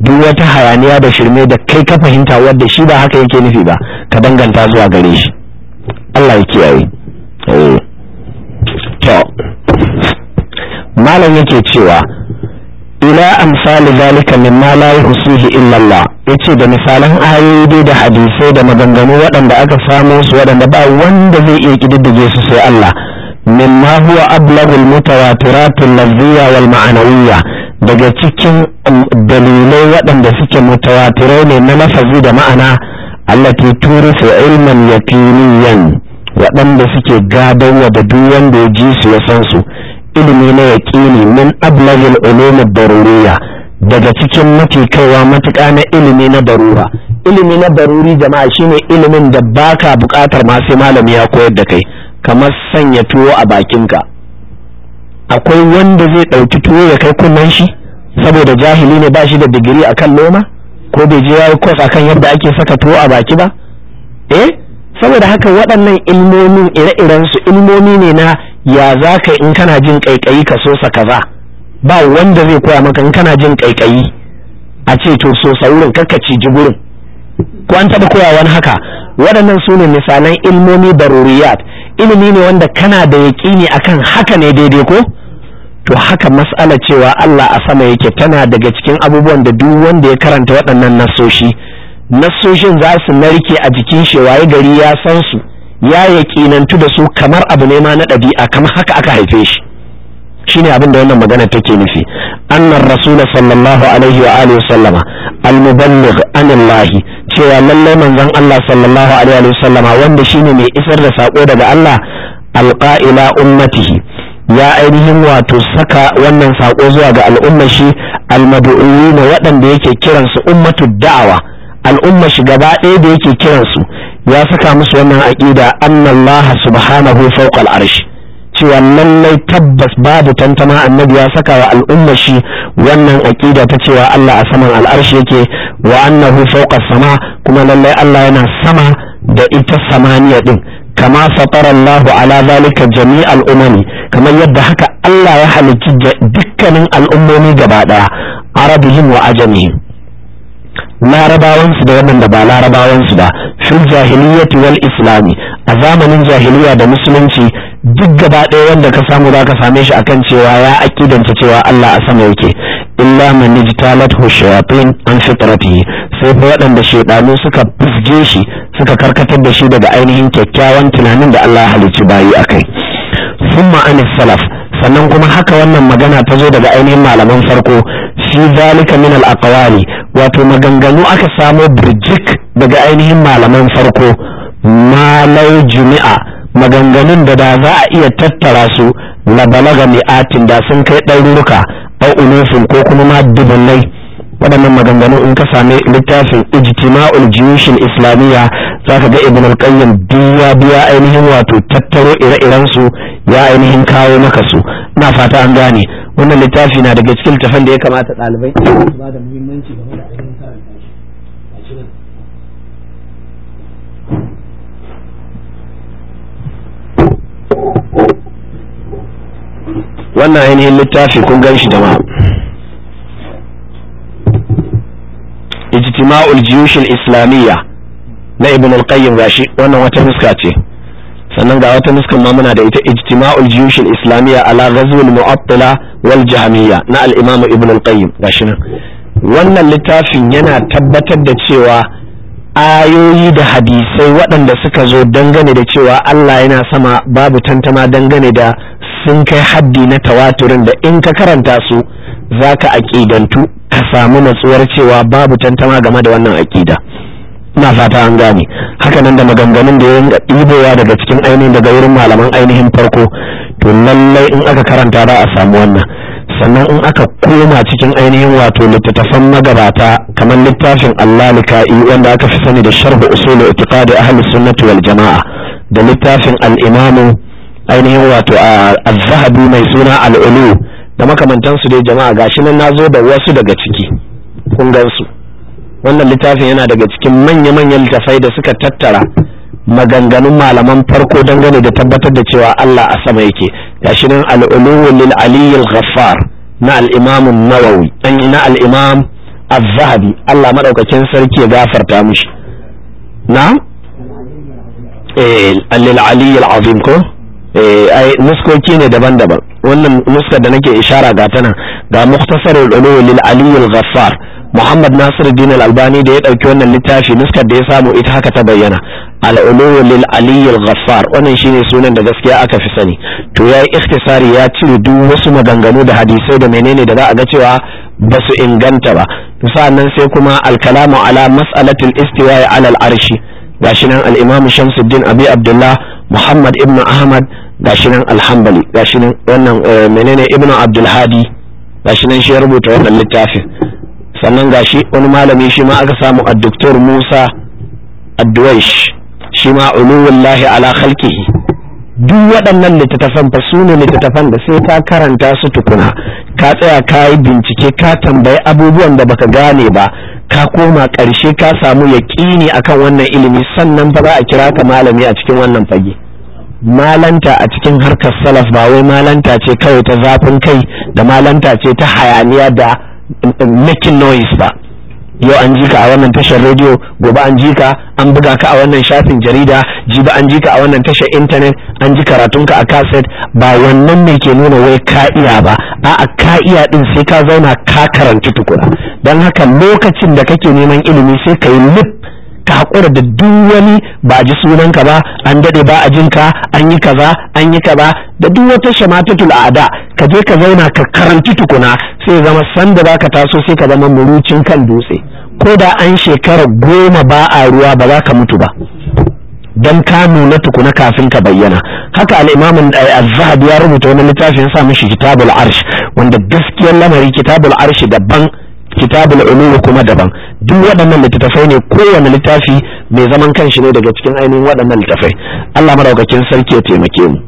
duk wata hayaniya da shirme da kai ka fahimta wadda shi ba haka yake nufi ba ka danganta zuwa gare shi Allah ya kiyaye eh. to malam yake cewa ila amsali zalika mimma la yusihi illa Allah yace da misalan ayoyi da hadisai da maganganu waɗanda aka samo su waɗanda ba wanda zai iya kididdige su sai Allah mimma huwa ablagu almutawatirat al-lafziyya wal ma'nawiyya daga cikin um, dalilai waɗanda suke mutawatirai ne na lafazi da ma'ana allati turisu ilman yaqiniyan waɗanda suke gadarwa da duk wanda ya ji su ya san su ilimi na yaƙini min ablagin ulumud daruriya daga cikin mafi kaiwa matuƙa na ilimi na darura ilimi na daruri jama'a shine ilimin da baka buƙatar masu sai malami ya koyar da kai kamar sanya tuwo a bakinka akwai wanda zai ɗauki tuwo ya kai kunnen shi saboda jahili ne ba shi da digiri a kan noma ko bai je yayi kwas akan yadda ake saka tuwo a baki ba eh saboda haka waɗannan ilmomin ire irensu su ilmomi ne na ya za ka in kana jin ƙaiƙayi ka sosa kaza ba wanda zai koya maka in kana jin ƙaiƙayi a ce to sosa wurin kakka ciji gurin ko an taɓa koya wani haka waɗannan su ne misalan ilmomi daruriyat ilimi ne wanda kana da yaƙini akan haka ne daidai ko to haka mas'ala cewa Allah a sama yake tana daga cikin abubuwan da duk wanda ya karanta waɗannan nasoshi nasoshin za su narke a jikin shi waye gari ya san su ya yaƙinantu da su kamar abu ne ma na ɗabi'a kamar haka aka haife shi shine abin da wannan magana take nufi annar rasul sallallahu alaihi wa alihi sallama al-muballigh an cewa lallai manzon Allah sallallahu alaihi wa sallama wanda shine mai isar da sako daga Allah alqa'ila ummatihi ya ainihin wato saka wannan sako zuwa ga al'ummar shi al-mad'uina waɗanda yake kiransu ummatu da'awa al'umma shi gaba ɗaya da yake kiransu ya saka musu wannan aƙida annallaha subhanahu fawqa al'arshi cewa lallai tabbas babu tantama annabi ya saka wa al'umma shi wannan aƙida ta cewa Allah a saman al'arshi yake wa annahu fawqa sama kuma lallai Allah yana sama da ita samaniya din kama fatara Allah ala zalika jami'al umami kamar yadda haka Allah ya halicci dukkanin al'ummomi gaba ɗaya arabihim wa ajamihim larabawansu da wannan da ba larabawansu ba fil jahiliyyati wal islami a zamanin jahiliya da musulunci duk gaba ɗaya wanda ka samu za ka same shi akan cewa ya akidanta cewa Allah a sama yake illa man nijtalat hu shayatin an fitratihi sai fa waɗanda sheɗanu suka fusge shi suka karkatar da shi daga ainihin kyakkyawan tunanin da Allah ya halicci bayi akai summa an salaf sannan kuma haka wannan magana ta zo daga ainihin malaman farko fi zalika min al wato maganganu aka samo birjik daga ainihin malaman farko malau jumi'a maganganun da da za a iya tattara su la balaga mi'atin da sun kai ɗaruruka au unufin ko kuma ma dubunnai waɗannan maganganu in ka same littafin ijtima'ul jiyushin islamiyya za ka ga ibn alqayyim duniya biya ainihin wato tattaro ire-iren su ya ainihin kawo maka su ina fata an gane wannan littafi na daga cikin littafin da ya kamata ɗalibai su ba da muhimmanci game da ainihin wannan ainihin littafi kun gan shi jama'a ijtima'ul jiyushil islamiyya na ibn al-qayyim gashi wannan wata fuska ce sannan ga wata nuskan ma muna da ita ijtima'ul jiyush al-islamiyya ala ghazw al-mu'attila wal jahmiyya na al-imam ibn al-qayyim gashi nan wannan littafin yana tabbatar da cewa ayoyi da hadisai waɗanda suka zo dangane da cewa Allah yana sama babu tantama dangane da sun kai haddi na tawaturin da in ka karanta su za ka aƙidantu ka samu natsuwar cewa babu tantama game da wannan aƙida na fata an gane haka nan da maganganun da ya yi ibowa daga cikin ainihin daga wurin malaman ainihin farko to lallai in aka karanta za a samu wannan sannan in aka koma cikin ainihin wato littattafan magabata kamar littafin Allah lika'i wanda aka fi sani da sharhu usul i'tiqad ahli sunnati wal jama'a da littafin al ainihin wato az-zahabi mai suna al da makamantansu dai jama'a gashi nan nazo da wasu daga ciki kun gansu wannan littafin yana daga cikin manya-manyan littafai da suka tattara maganganun malaman farko dangane da tabbatar da cewa Allah a sama yake gashi nan al'uluwul lil aliyyil ghaffar na al-imam an-nawawi an yi na al-imam az-zahabi Allah madaukakin sarki ya gafarta mishi na eh lil aliyyil azim ko eh muskoki ne daban-daban wannan nuskar da nake ishara ga tana ga mukhtasarul uluwul lil aliyyil ghaffar Muhammad Nasiruddin Al-Albani da ya dauki wannan littafi nuskar da ya samu ita haka ta bayyana al-ulu lil aliy al-ghaffar wannan shine sunan da gaskiya aka fi sani to yayi ikhtisari ya cire duk wasu maganganu da hadisai da menene da za a ga cewa ba su inganta ba nan sai kuma al-kalamu ala mas'alatil istiwa'i ala al-arshi gashi nan al-imam Shamsuddin Abi Abdullah Muhammad ibn Ahmad gashi nan al-Hanbali gashi nan wannan eh, menene ibn Abdul Hadi gashi nan shi ya rubuta wannan littafin sannan ga shi wani malami shi ma aka samu a doktor musa adduwaish shi ma Ulullahi ala khalqihi duk waɗannan littattafan fa su ne littattafan da sai ka karanta su tukuna ka tsaya ka yi bincike ka tambayi abubuwan da baka gane ba ka koma ƙarshe ka samu yaƙini akan wannan ilimi sannan fa za a kira ka malami a cikin wannan fage malanta a cikin harkar salaf ba wai malanta ce kawai ta zafin kai da malanta ce ta hayaniya da making noise ba yau an ji ka a wannan tashar rediyo gobe an ji ka an buga ka a wannan shafin jarida jibi an ji ka a wannan tashar intanet an ji karatunka a kaset ba wannan ne ke nuna wai ka'iya ba a'a ka'iya ka'iya din sai ka zauna ka karanci tukuna don haka lokacin da kake neman ilimi sai ka yi lip ka haƙura da duk wani ba ji sunanka ba an daɗe ba a jinka an yi kaza an yi kaza da duk wata shamatatul a'da ka je ka zauna ka karanci tukuna sai zama sanda ba ka taso sai ka zama murucin kan dutse ko da an shekara goma ba a ruwa ba za ka mutu ba dan ka nuna tukuna kafin ka bayyana haka al-imam az-zahabi ya rubuta wani littafin ya sa mishi kitabul arsh wanda gaskiyar lamari kitabul arsh daban kitabul ulum kuma daban duk waɗannan littattafai ne kowane littafi mai zaman kanshi ne daga cikin ainihin waɗannan littattafai Allah madaukakin sarki ya taimake mu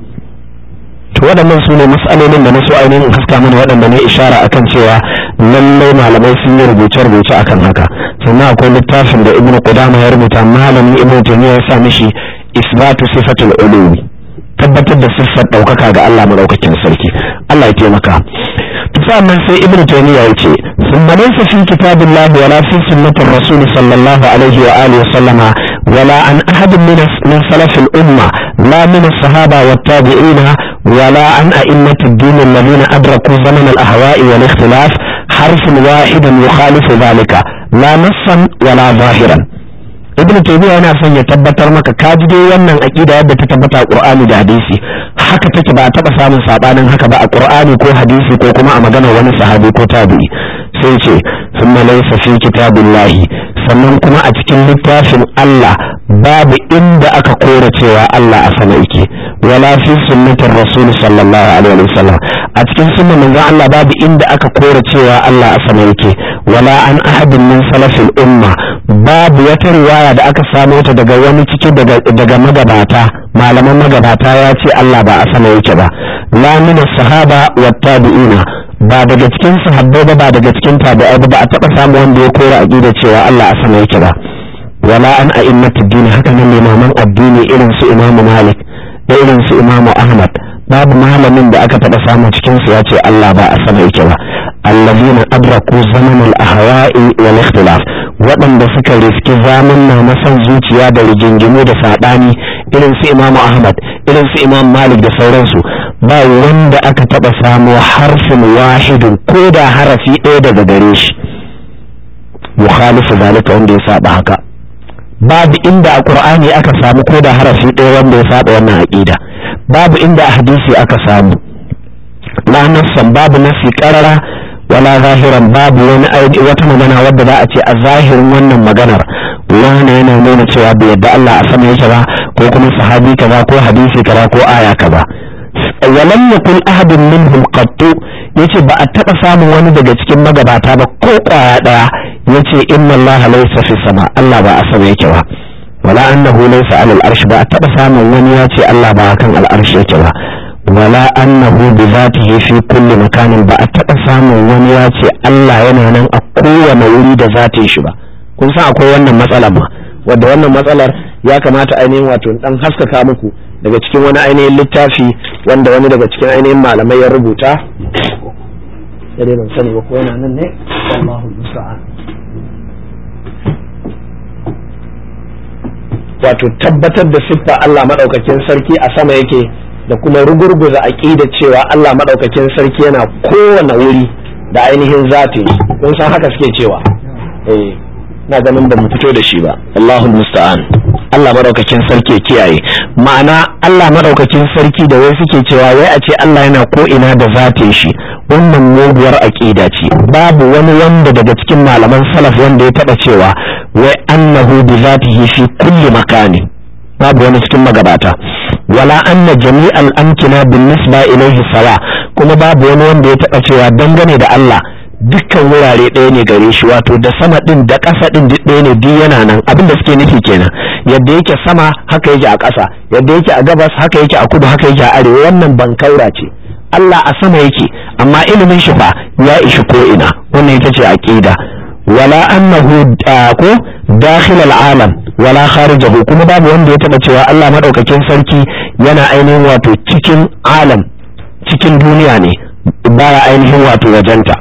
to waɗannan su ne matsalolin da na so ainihin haska mana waɗanda ne ishara akan cewa lallai malamai sun yi rubuce-rubuce akan haka sannan akwai littafin da ibnu qudama ya rubuta malamin ibnu taymiya ya sa mishi isbatu sifatul ulumi tabbatar da siffar ɗaukaka ga Allah maɗaukakin sarki Allah ya taimaka sannan sai ibnu taymiya ce thumma laysa fi kitabillahi wala fi sunnatir rasul sallallahu alaihi wa alihi wala an ahad min min salaf al umma la min as-sahaba wa tabi'in wala an a'immat ad-din alladhina adraku zaman al ahwa'i wal ikhtilaf harf wahid yukhalifu dhalika la nassan wala zahiran ibn taymiya yana son ya tabbatar maka ka ji dai wannan aqida yadda ta tabbata a qur'ani da hadisi haka take ba a taba samun sabanin haka ba a qur'ani ko hadisi ko kuma a magana wani sahabi ko tabi'i sai ce thumma laysa fi kitabillahi sannan kuma a cikin littafin Allah babu inda aka kora cewa Allah a sama yake wala fi sunnatin rasul sallallahu alaihi wasallam a cikin sunnan manzon Allah babu inda aka kora cewa Allah a sama yake wala an ahadin min salafil umma babu wata riwaya da aka samo ta daga wani ciki daga daga magabata malaman magabata ya ce Allah ba a sama yake ba la min sahaba wa tabi'ina ba daga cikin sahabbai ba ba daga cikin tabi'ai ba a taba samu wanda ya kora aqida cewa Allah a sama yake ba wala an a'immatu din haka nan limaman addini irin su Imam Malik da irin su Imam Ahmad babu malamin da aka taba samu cikin su ya ce Allah ba a sama yake ba allazina adraku zaman al-ahwa'i wal ikhtilaf waɗanda suka riski zaman na masan zuciya da rigingimu da saɓani irin su imamu ahmad irin su imam malik da sauransu ba wanda aka taba samu harfin wahidin ko da harafi ɗaya daga gare shi mukhalifu zalika wanda ya saba haka babu inda a qur'ani aka samu ko da harafi ɗaya wanda ya saba wannan aqida babu inda a hadisi aka samu la nassan babu nasi qarara wala zahiran babu wani wata magana wadda za a ce a zahirin wannan maganar wani yana nuna cewa bai yadda Allah a sama yake ba ko kuma sahabi kaza ko hadisi kaza ko aya kaza walam yakun ahadun minhum qattu yace ba a taba samun wani daga cikin magabata ba ko kwaya daya yace inna allaha laysa fi sama allah ba a sama yake ba wala annahu laysa ala ba a taba samun wani yace allah ba kan al'arshi yake ba wala annahu bi zatihi fi kulli makanin ba a taba samun wani yace allah yana nan a kowane wuri da zatin shi ba kun san akwai wannan matsalar ma wadda wannan matsalar ya kamata ainihin wato dan haskaka muku daga cikin wani ainihin littafi wanda wani daga cikin ainihin malamai ya rubuta wato tabbatar da siffa Allah madaukakin sarki a sama yake da kuma rugurguza aqida cewa Allah madaukakin sarki yana kowane wuri da ainihin zati kun san haka suke cewa eh. na ganin ba mu fito da shi ba Allahul musta'an Allah madaukakin sarki kiyaye ma'ana Allah madaukakin sarki da wai suke cewa wai a ce Allah yana ko ina da yi shi wannan muguwar aqida ce babu wani wanda daga cikin malaman salaf wanda ya taba cewa wai annahu bi zatihi fi kulli makani babu wani cikin magabata wala anna jami'al amkina bin nisba ilayhi sawa kuma babu wani wanda ya taba cewa dangane da Allah dukkan wurare ɗaya ne gare shi wato da sama ɗin da ƙasa ɗin duk ɗaya ne duk yana nan abin da suke nufi kenan yadda yake sama haka yake a ƙasa yadda yake a gabas haka yake a kudu haka yake a arewa wannan ban bankaura ce Allah a sama yake amma ilimin shi fa ya ishi ko ina wannan ita ce aqida wala annahu ko dakhil alalam alam wala kharijahu kuma babu wanda ya taba cewa Allah madaukakin sarki yana ainihin wato cikin alam cikin duniya ne baya ainihin wato wajenta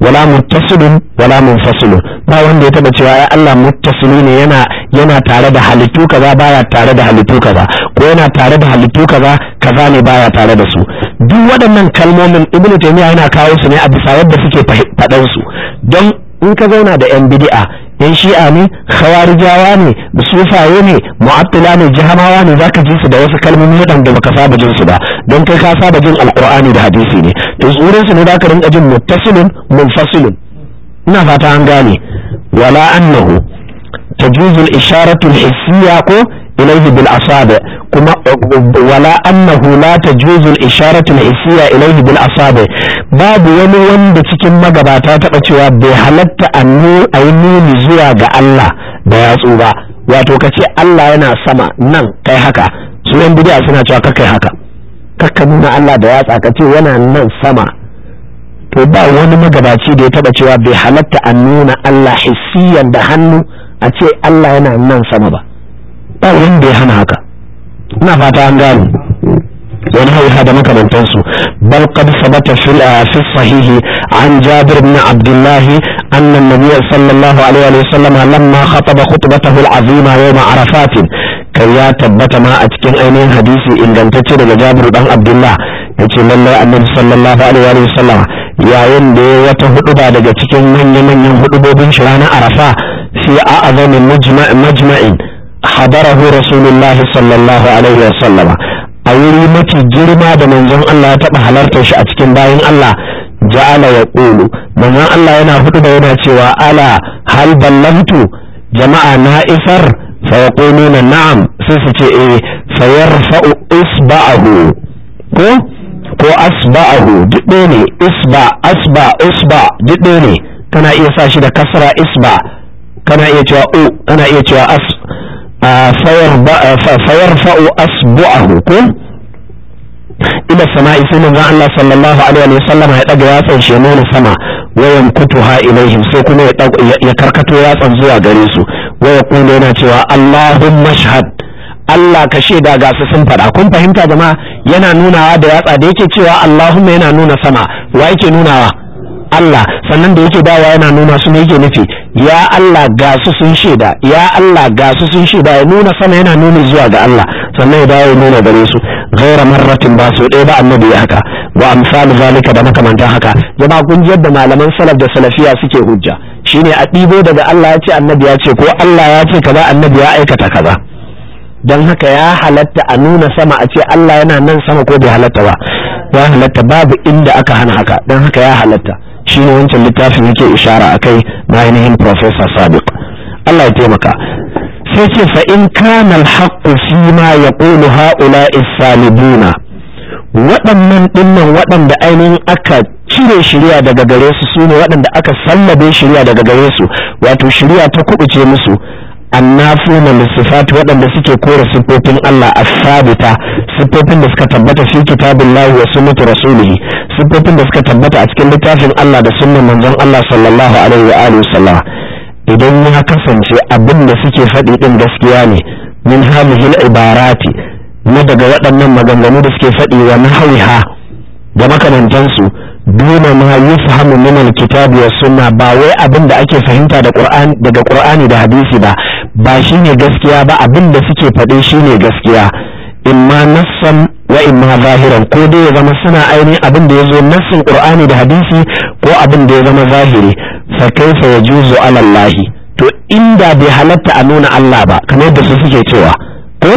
wala muttasilun wala munfasilun ba wanda ya taba cewa ya Allah muttasili ne yana yana tare da halittu kaza baya tare da halittu kaza ko yana tare da halittu kaza kaza ne baya tare da su duk waɗannan kalmomin ibnu taymiya yana kawo su ne a bisa yadda suke faɗan su don in ka zauna da yan bidi'a, yan shi'a ne khawarijawa ne sufaye ne mu'attila ne jahamawa ne zaka ji su da wasu kalmomi waɗanda baka saba jin su ba don kai ka saba jin alqur'ani da hadisi ne to tsoron su ne zaka rinka jin muttasilun munfasilun ina fata an gane wala annahu تجوز hissiyya ko? ilaihi bil kuma wala annahu la tajuzu al isharatu al hissiya ilaihi bil babu wani wanda cikin magabata taba cewa bai halatta annu ayi nuni zuwa ga Allah da yatsu ba wato kace Allah yana sama nan kai haka su yan bid'a suna cewa kai haka kakka nuna Allah da yatsa kace yana nan sama to ba wani magabaci da ya taba cewa bai halatta an nuna Allah hissiyan da hannu a ce Allah yana nan sama ba ba wanda ya hana haka ina fata an gane wani da makamantansu bal qad sabata fil ah, fi sahihi an jabir ibn abdullah anna an-nabiy sallallahu alaihi wa sallam lamma khataba khutbatahu al-azima yawm arafat kai ya tabbata ma a cikin ainihin hadisi ingantacce daga jabir dan abdullah yace lallai annabi sallallahu alaihi wa sallam yayin da ya wata huduba daga cikin manya-manyan hudubobin shi ranar arafa fi a azamin majma'in hadarahu rasulullahi sallallahu alaihi wasallama a wuri mafi girma da manzon Allah ya taɓa halartar shi a cikin bayan Allah ja'ala ya ƙulu manzon Allah yana hudu da yana cewa ala hal ballamtu jama'a na isar fa yaquluna na'am sai su ce eh fa yarfa'u isba'ahu ko ko asba'ahu duk ne isba asba isba duk ne kana iya sa shi da kasra isba kana iya cewa u kana iya cewa as A fayar fa'o asbu'ahu ko ila sama'i sai manzon Allah sallallahu alaihi wa sallama ya daga yatsan shi nuna sama wayan kutuha ilaihim sai kuma ya karkato yatsan zuwa gare su waya kuma yana cewa Allahumma shahad Allah kashe shaida ga su sun faɗa kun fahimta jama'a yana nunawa da yatsa da yake cewa Allahumma yana nuna sama wa yake nunawa Allah sannan da yake dawa yana nuna su ne yake nufi ya Allah ga su sun shaida ya Allah ga su sun shaida ya nuna sama yana nuna zuwa ga Allah sannan ya dawo ya nuna gare su ghaira marratin ba su ɗaya ba annabi ya haka wa amsal zalika da makamantan haka jama'a kun yadda malaman salaf da salafiya suke hujja shine a ɗibo daga Allah ya ce annabi ya ce ko Allah ya ce kaza annabi ya aikata kaza don haka ya halatta a nuna sama a ce Allah yana nan sama ko bai halatta ba ya halatta babu inda aka hana haka don haka ya halatta shi ne wancan littafin yake ishara a kai na ainihin professor sadiq Allah ya taimaka sai ce fa in kana alhaqqu fi ma yaqulu haula salibuna waɗannan ɗinnan waɗanda ainihin aka cire shirya daga gare su su ne waɗanda aka sallabe shirya daga gare su wato shirya ta kuɓuce musu annafu na lissifat waɗanda suke kore siffofin Allah a sabita siffofin da suka tabbata fi kitabin lahi wa sunnatu rasulihi siffofin da suka tabbata a cikin littafin Allah da sunnan manzon Allah sallallahu alaihi wa alihi sallam idan ya kasance abin da suke faɗi din gaskiya ne min hadhihi ibarati na daga waɗannan maganganu da suke faɗi wa nahwiha da makamantansu Dole ma fahimu min alkitabi wa sunna ba wai abin da ake fahimta da qur'ani daga qur'ani da hadisi ba ba shi ne gaskiya ba abin da suke faɗe ne gaskiya imma nassan wa imma zahiran ko dai ya zama suna ainihin abin da ya zo nassin ƙur'ani da hadisi ko abin da ya zama zahiri fa kaifa yajuzu ala allah to inda bai halatta a nuna Allah ba kamar da su suke cewa ko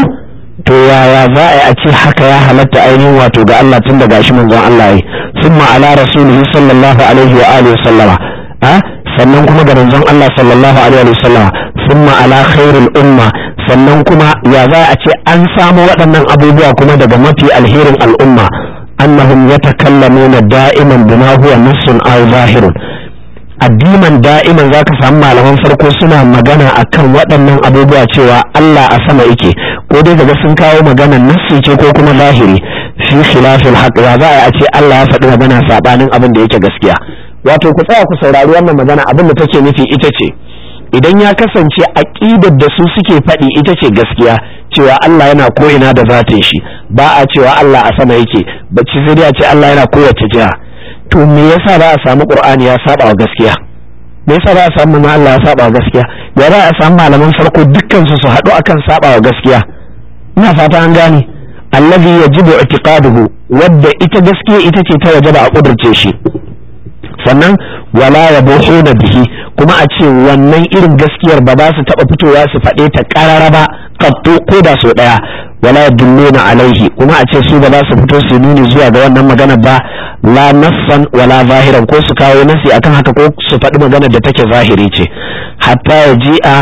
to yaya za a yi a ce haka ya halatta ainihin wato ga Allah tun da gashi manzon Allah yi summa ala rasulihi sallallahu alaihi wa alihi sallama ah, sannan kuma ga manzon Allah sallallahu alaihi wa sallama thumma ala khairul umma sannan kuma ya za a ce an samu waɗannan abubuwa kuma daga mafi alherin al'umma annahum yatakallamuna da'iman bima huwa nassun aw zahirun addiman da'iman za ka samu malaman farko suna magana akan waɗannan abubuwa cewa Allah a sama yake ko dai kaga sun kawo magana nassi ce ko kuma zahiri fi khilafil haqq ya za a ce Allah ya faɗi magana sabanin abin da yake gaskiya wato ku tsaya ku saurari wannan magana abin da take nufi ita ce idan ya kasance aƙidar da su suke faɗi ita ce gaskiya cewa Allah yana ko'ina da zatin shi ba a cewa Allah a sama yake bacci ci dai ce Allah yana kowace jiha to me yasa za a samu Qur'ani ya saba wa gaskiya me yasa ba a samu ma Allah ya saba wa gaskiya ya za a samu malaman farko dukkan su su haɗu akan saba wa gaskiya ina fata an gane allazi yajibu i'tiqaduhu wadda ita gaskiya ita ce ta wajaba a kudurce shi sannan wala ya na bihi kuma a ce wannan irin gaskiyar ba za su taɓa fitowa su faɗe ta ƙarara ba kattu ko da sau ɗaya wala dulluna alaihi kuma a ce su ba za su fito su nuni zuwa ga wannan magana ba la nassan wala zahiran ko su kawo nasi akan haka ko su faɗi magana da take zahiri ce hatta ya ji'a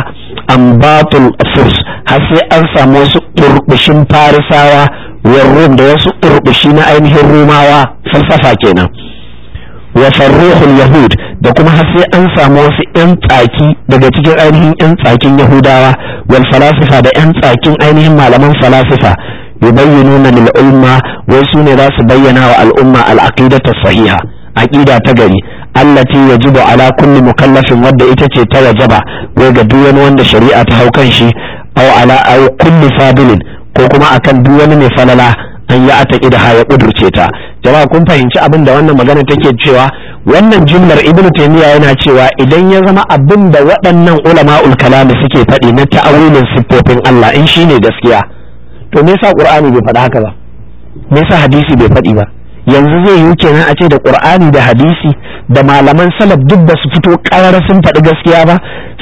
an batul furs har sai an samu wasu ƙurɓushin farisawa rum da wasu ƙurɓushi na ainihin rumawa falsafa kenan wa farruhul yahud da kuma har sai an samu wasu yan tsaki daga cikin ainihin yan tsakin yahudawa wal falasifa da yan tsakin ainihin malaman falasifa yubayyinuna lil umma wai su ne za su bayyana wa al'umma al'aqidatu sahiha aqida ta gari allati yajibu ala kulli mukallafin wadda ita ce ta wajaba wai ga duk wani wanda shari'a ta hau kan shi aw ala aw kulli fadilin ko kuma akan duk wani mai falala an ya ataki da ya kudurce ta jama'a kun fahimci abin da wannan magana take cewa wannan jimlar ibn taymiya yana cewa idan ya zama abin da waɗannan ulama kalami suke faɗi na ta'awilin siffofin Allah in shine gaskiya to me yasa qur'ani bai faɗi haka ba me yasa hadisi bai faɗi ba yanzu zai yi kenan a ce da qur'ani da hadisi da malaman salaf duk ba su fito ƙarar sun faɗi gaskiya ba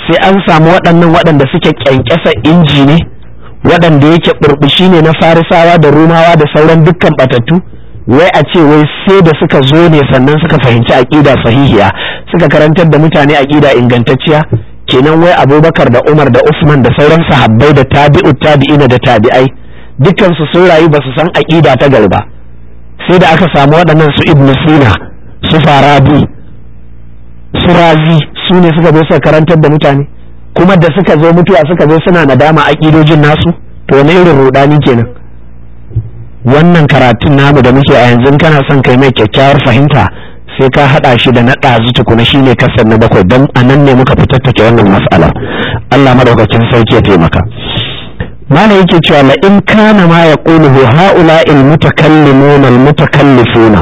sai an samu waɗannan waɗanda suke kyankyasa injini? waɗanda yake ɓurɓushi ne na farisawa da rumawa da sauran dukkan batattu wai a ce wai sai da suka zo ne sannan suka fahimci aƙida sahihiya suka karantar da mutane aƙida ingantacciya kenan wai abubakar da umar da usman da sauran sahabbai da tabi'u tabi'ina da tabi'ai dukkan su sun rayu basu san aƙida ta garba sai da aka samu waɗannan su ibn sina su farabi su razi su ne suka zo suka karantar da mutane kuma da suka zo mutuwa suka zo suna nadama ƙidojin nasu to wani irin rudani kenan wannan karatun namu da muke a yanzu kana son kai mai kyakkyawar fahimta sai ka haɗa shi da na ɗazu tukuna shi ne kasar na bakwai don a nan ne muka take wannan mas'ala Allah madaukakin sarki ya taimaka mana yake cewa la in kana ma yaquluhu haula'il al mutakallimuna al mutakallifuna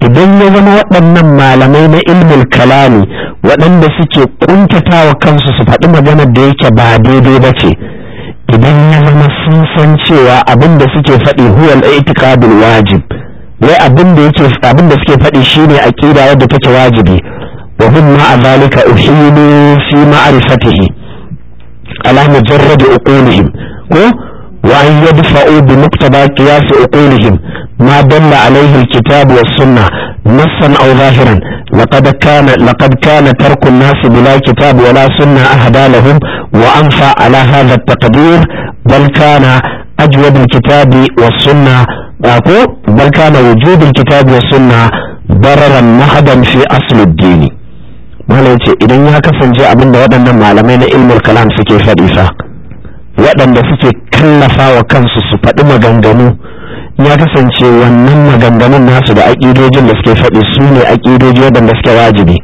idan ya zama waɗannan malamai na ilmin kalami waɗanda suke kuntatawa kansu su faɗi maganar da yake ba daidai ba ce idan ya zama sun san cewa abin da suke faɗi huwal itiqadul wajib wai abin da yake abin da suke faɗi shine aqida wadda take wajibi wa hum ma'a zalika uhilu fi ma'rifatihi ala mujarrad uqulihim ko وأن يدفعوا بمقتضى قياس عقولهم ما دل عليه الكتاب والسنة نصا أو ظاهرا لقد كان لقد كان ترك الناس بلا كتاب ولا سنة أهدى لهم وأنفع على هذا التقدير بل كان أجود الكتاب والسنة بل كان وجود الكتاب والسنة ضررا محدا في أصل الدين ما إذا يا كفن جاء من waɗannan malamai na ilmul kalam suke faɗi fa waɗanda suke kallafa wa kansu su faɗi maganganu ya kasance wannan maganganun nasu da aƙidojin da suke faɗi su ne aƙidoji waɗanda suke wajibi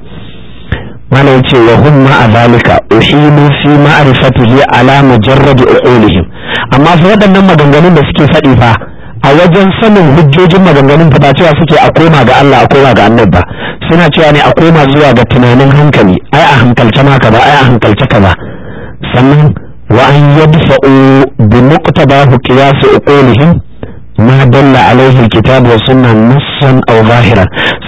malam ce wa hum ma'a zalika uhimu fi ma'rifatihi ala mujarrad uqulihim amma fa waɗannan maganganun da suke faɗi fa a wajen sanin hujjojin maganganun fa ba cewa suke a koma ga Allah a koma ga annabi suna cewa ne a koma zuwa ga tunanin hankali ai a hankalce ma ba, ai a hankalce ba sannan wa an yadfa'u bi muqtabahu qiyas uqulihim ma dalla Alayhi alkitab wa sunna nassan aw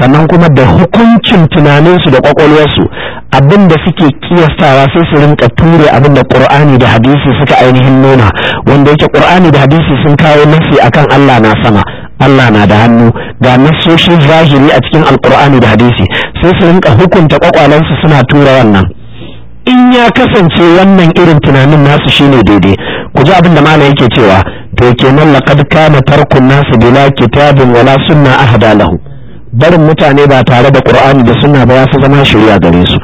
sannan kuma da hukuncin tunaninsu da kwakwalwarsu abinda suke kiyastawa sai su rinka ture abinda qur'ani da hadisi suka ainihin nuna wanda yake qur'ani da hadisi sun kawo nasi akan Allah na sama Allah na da hannu ga nassoshin zahiri a cikin alqur'ani da hadisi sai su rinka hukunta kwakwalansu suna tura wannan in ya kasance wannan irin tunanin nasu shine daidai ku ji abin da malam yake cewa to kenan laqad kana tarkun nasu bila kitabin wala sunna ahda lahu barin mutane ba tare da qur'ani da sunna ba ya fi zama shirya gare su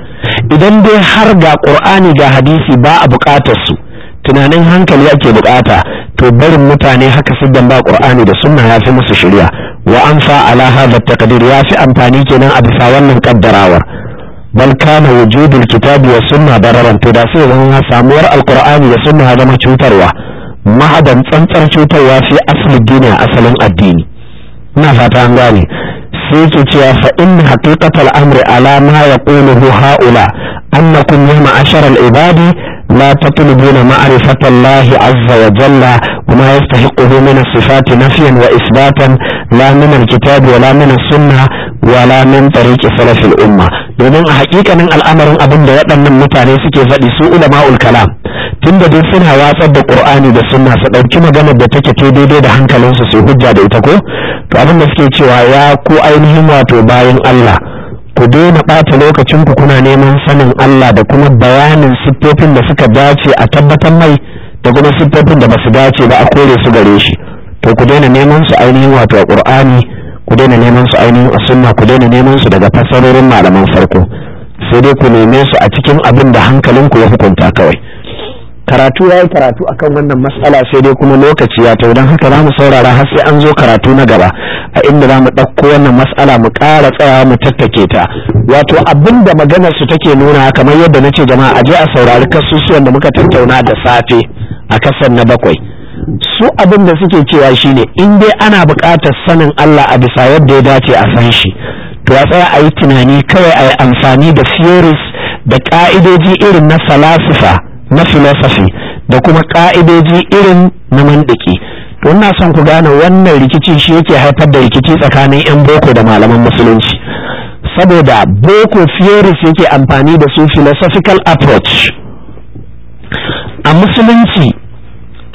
idan dai har ga qur'ani ga hadisi ba a buƙatar su tunanin hankali ake buƙata, to barin mutane haka siddan ba qur'ani da sunna ya fi musu shirya wa anfa ala hadha taqdir ya fi amfani kenan a bisa wannan kaddarawar bal kana wujudul kitabi wa sunna dararan to da sai zama samuwar alqur'ani da sunna ya zama cutarwa mahadan tsantsar cutarwa fi asli dini asalin addini ina fata an gane sai ke cewa fa in haqiqatal amri ala ma yaquluhu haula annakum ya ma'ashara al-ibadi la tatlubuna ma'rifata Allah azza wa jalla wa ma min as-sifati nafyan wa isbatan la min al-kitabi wa la min as-sunnah wala min tariki salafil umma domin a hakikanin al'amarin abin da waɗannan mutane suke faɗi su ulama'ul kalam tunda duk suna watsar da qur'ani da sunna su ɗauki maganar da take to daidai da hankalinsu su su hujja da ita ko to abin da suke cewa ya ku ainihin wato bayan Allah ku daina ɓata lokacin ku kuna neman sanin Allah da kuma bayanin siffofin da suka dace a tabbatar mai da kuma siffofin da basu dace ba a kore su gare shi to ku daina neman su ainihin wato a qur'ani ku daina neman su ainihin sunna ku daina neman su daga fasarorin malaman farko sai dai ku neme su a cikin abin da ku ya hukunta kawai karatu ya yi karatu akan wannan matsala sai dai kuma lokaci ya tau haka za mu saurara har sai an zo karatu na gaba a inda za mu ɗauko wannan matsala mu ƙara tsayawa mu tattake ta wato abin da maganar su take nuna kamar yadda na ce jama'a a je a saurari kasusuwan da muka tattauna da safe a kasan na bakwai su abin da suke cewa shine in dai ana buƙatar sanin Allah a bisa yadda ya dace a san shi to a tsaya a yi tunani kawai a yi amfani da theories da ƙa'idoji irin na falasifa na philosophy da kuma ƙa'idoji irin na mandiki to ina son ku gane wannan rikici shi yake haifar da rikici tsakanin 'yan boko da malaman musulunci saboda boko theories yake amfani da su philosophical approach a musulunci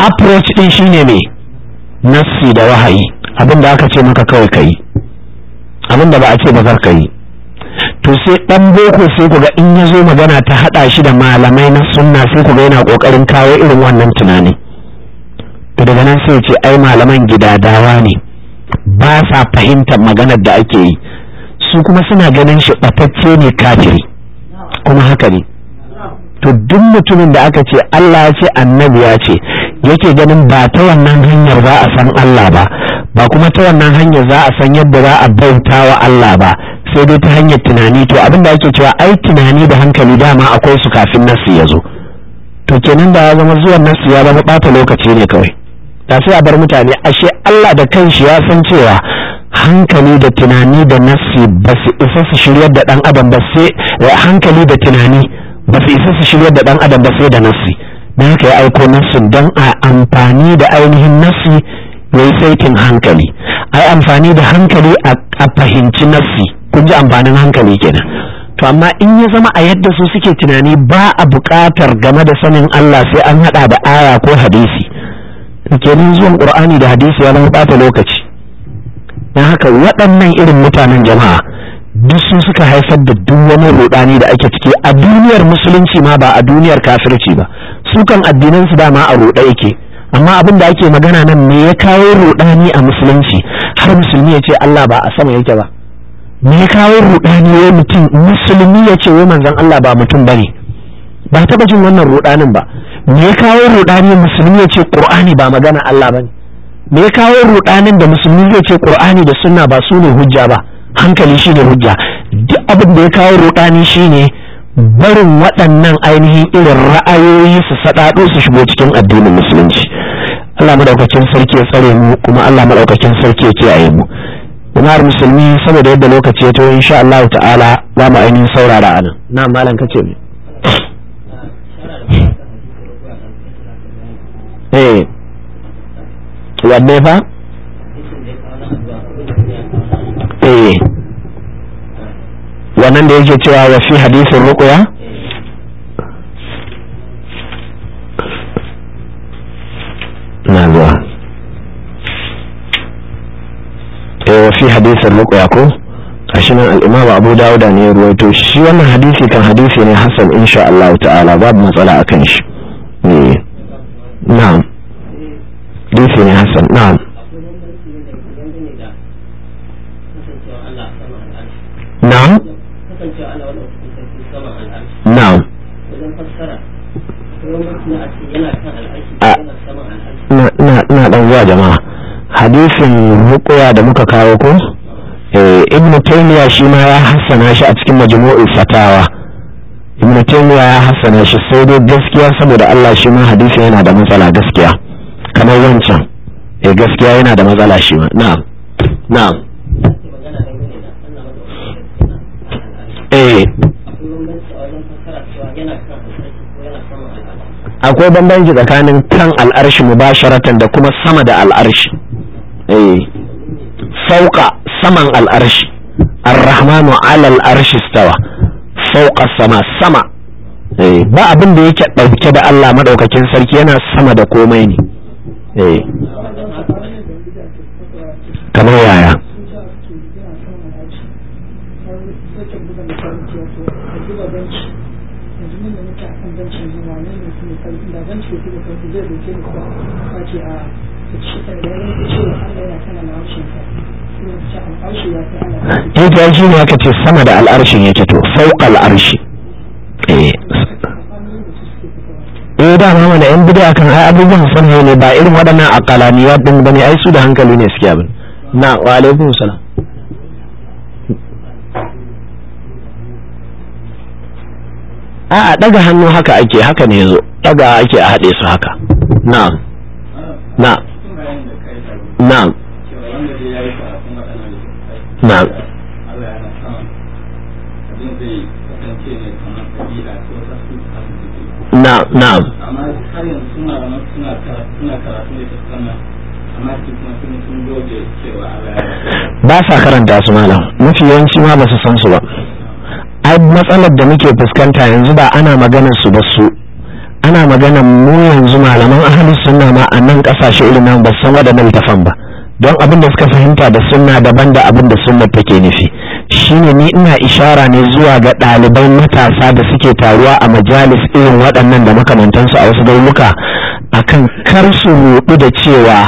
approach din shine me nassi da wahayi abinda aka ce maka kawai kai abinda ba a ce ba kar kai to sai dan boko sai kuga in ya zo magana ta hada shi da malamai na sunna sai kuga yana kokarin kawo irin wannan tunani to daga nan sai ce ai malaman gida dawa ne ba sa fahimtar maganar da ake yi su kuma suna ganin shi batacce ne kafiri kuma haka ne to duk mutumin da aka ce Allah ya ce annabi ya ce yake ganin ba ta wannan hanyar za a san Allah ba ba kuma ta wannan hanyar za a san yadda za a bauta wa Allah ba sai dai ta hanyar tunani to abin da ake cewa ai tunani da hankali dama akwai su kafin nasu ya zo to kenan da ya zama zuwan nasu ya zama bata lokaci ne kawai da sai a bar mutane ashe Allah da kanshi ya san cewa hankali da tunani da nasi ba su isa su shiryar da ɗan adam ba sai eh, hankali da tunani ba su isa su shirya da dan adam ba sai da nasi don haka ya aiko nassin don a amfani da ainihin nasi ya yi saitin hankali a yi amfani da hankali a fahimci nasi kun ji amfanin hankali kenan to amma in ya zama a yadda su suke tunani ba a buƙatar game da sanin Allah sai an haɗa da aya ko hadisi kenan zuwan ƙur'ani da hadisi ya zama lokaci don haka waɗannan irin mutanen jama'a duk sun suka haifar da duk wani rudani da ake ciki a duniyar musulunci ma ba a duniyar kafirci ba su kan addinan su dama a ruɗa yake amma abin da ake magana nan me ya kawo rudani a musulunci har musulmi ya ce Allah ba a sama yake ba me ya kawo rudani wai mutum musulmi ya ce wai manzon Allah ba mutum bane ba taba jin wannan rudanin ba me ya kawo rudani musulmi ya ce Qur'ani ba magana Allah bane me ya kawo rudanin da musulmi zai ce Qur'ani da sunna ba su ne hujja ba hankali shine hujja duk abin da ya kawo rudani shine barin waɗannan ainihin irin ra'ayoyi su saɗaɗo su shigo cikin addinin musulunci Allah madaukakin sarki ya tsare mu kuma Allah madaukakin sarki ya kiyaye mu jama'ar musulmi saboda yadda lokaci ya to insha Allah ta'ala za mu ainihin saurara anan na malam kace ne eh wanne fa eh wannan da yake cewa wa fi hadisin ruqya na zuwa eh wa fi hadisin ruqya ko gashi nan al-imam Abu Dawud ne ya ruwaito shi wannan hadisi kan hadisi ne hasan insha Allah ta'ala babu matsala akan shi eh. na'am hadisi ne hasan na'am نعم نعم na ɗan zuwa jama'a hadisin rukuya da muka kawo ko eh, ibn taymiya shi ma ya hassana shi a cikin majmu'ul fatawa ibn taymiya ya hassana shi sai dai gaskiya saboda Allah shi ma hadisi yana da matsala gaskiya kamar wancan eh gaskiya yana da matsala shi ma na'am na'am Eh. akwai bambanci tsakanin kan al'arshi mubasharatan da kuma sama da al'arshi eh fauka saman al'arshi ar-rahmanu ala arshi stawa fauka sama sama eh ba abin da yake dauke da Allah madaukakin sarki yana sama da komai ne eh kamar yaya yanzu da muke akan ne sama aka ce sama da al'arshin yake to fauka al'arshi eh da eh, dama mana yan bid'a kan ai abubuwan sun ne ba irin waɗannan akalaniyat din bane ai su da hankali ne suke abin na wa salam a'a daga hannu haka ake haka ne yanzu, daga ake a haɗe su haka na na na na na na ba sa karanta su malam mafi yawanci ma ba su san su ba ai matsalar da muke fuskanta yanzu ba ana maganar su ba su ana maganar mu yanzu malaman ahli sunna ma a nan kasashe irin nan ba san waɗannan littafan ba don abin da suka fahimta da sunna daban da abin da sunna take nufi shine ni ina ishara ne zuwa ga ɗaliban matasa da suke taruwa a majalis irin waɗannan da makamantansu a wasu garuruka akan kar su ruɗu da cewa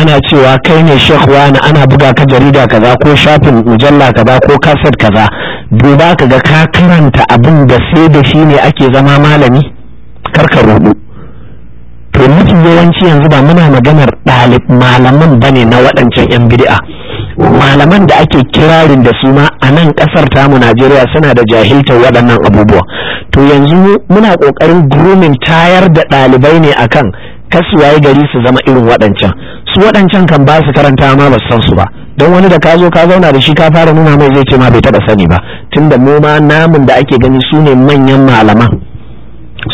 ana cewa kai ne shekh wani ana buga ka jarida kaza ko shafin mujalla kaza ko kaset kaza duba ka ga ka karanta abin da sai da shi ne ake zama malami karka rudu to mafi yawanci yanzu ba muna maganar ɗalib malaman ne na waɗancan yan bid'a malaman da ake kirarin da su ma a nan ƙasar tamu Najeriya suna da jahiltar waɗannan abubuwa to yanzu muna ƙoƙarin grooming tayar da ɗalibai ne akan kasu waye gari su zama irin waɗancan su waɗancan kan ba su karanta ma ba san su ba don wani da ka zo ka zauna da shi ka fara nuna mai zai ce ma bai taɓa sani ba tunda mu ma namun da ake gani su ne manyan malaman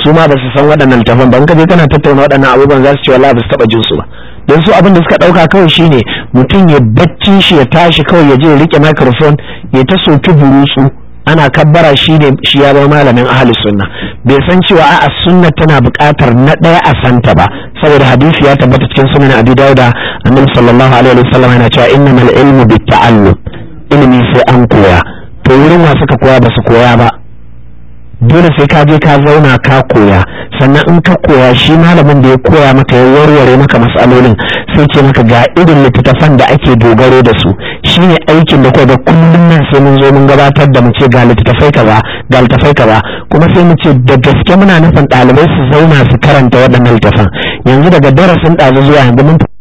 su ma ba su san waɗannan littafan ba in ka je kana tattauna waɗannan abubuwan za su ce wallahi ba su taɓa jin su ba don su abin da suka ɗauka kawai shine mutum ya baccin shi ya tashi kawai ya je ya riƙe microphone ya ta soki burutsu ana kabbara shi ne shi ya zama malamin ahli sunna bai san cewa a'a sunna tana buƙatar na ɗaya a santa ba saboda hadisi ya tabbata cikin sunan abi dauda annabi sallallahu alaihi wasallam yana cewa innamal ilmu bitta'allum ilimi sai an koya to wurin wa suka koya ba su koya ba dole sai ka je ka zauna ka koya sannan in ka koya shi malamin da ya koya maka ya warware maka matsalolin sai ce maka ga irin littattafan da ake dogaro da su shine aikin da kuwa ga kullum nan sai mun zo mun gabatar da mu ce ga littattafai ka ba ga littattafai ba kuma sai mu ce da gaske muna nufin ɗalibai su zauna su karanta waɗannan littattafan yanzu daga darasin ɗazu zuwa yanzu mun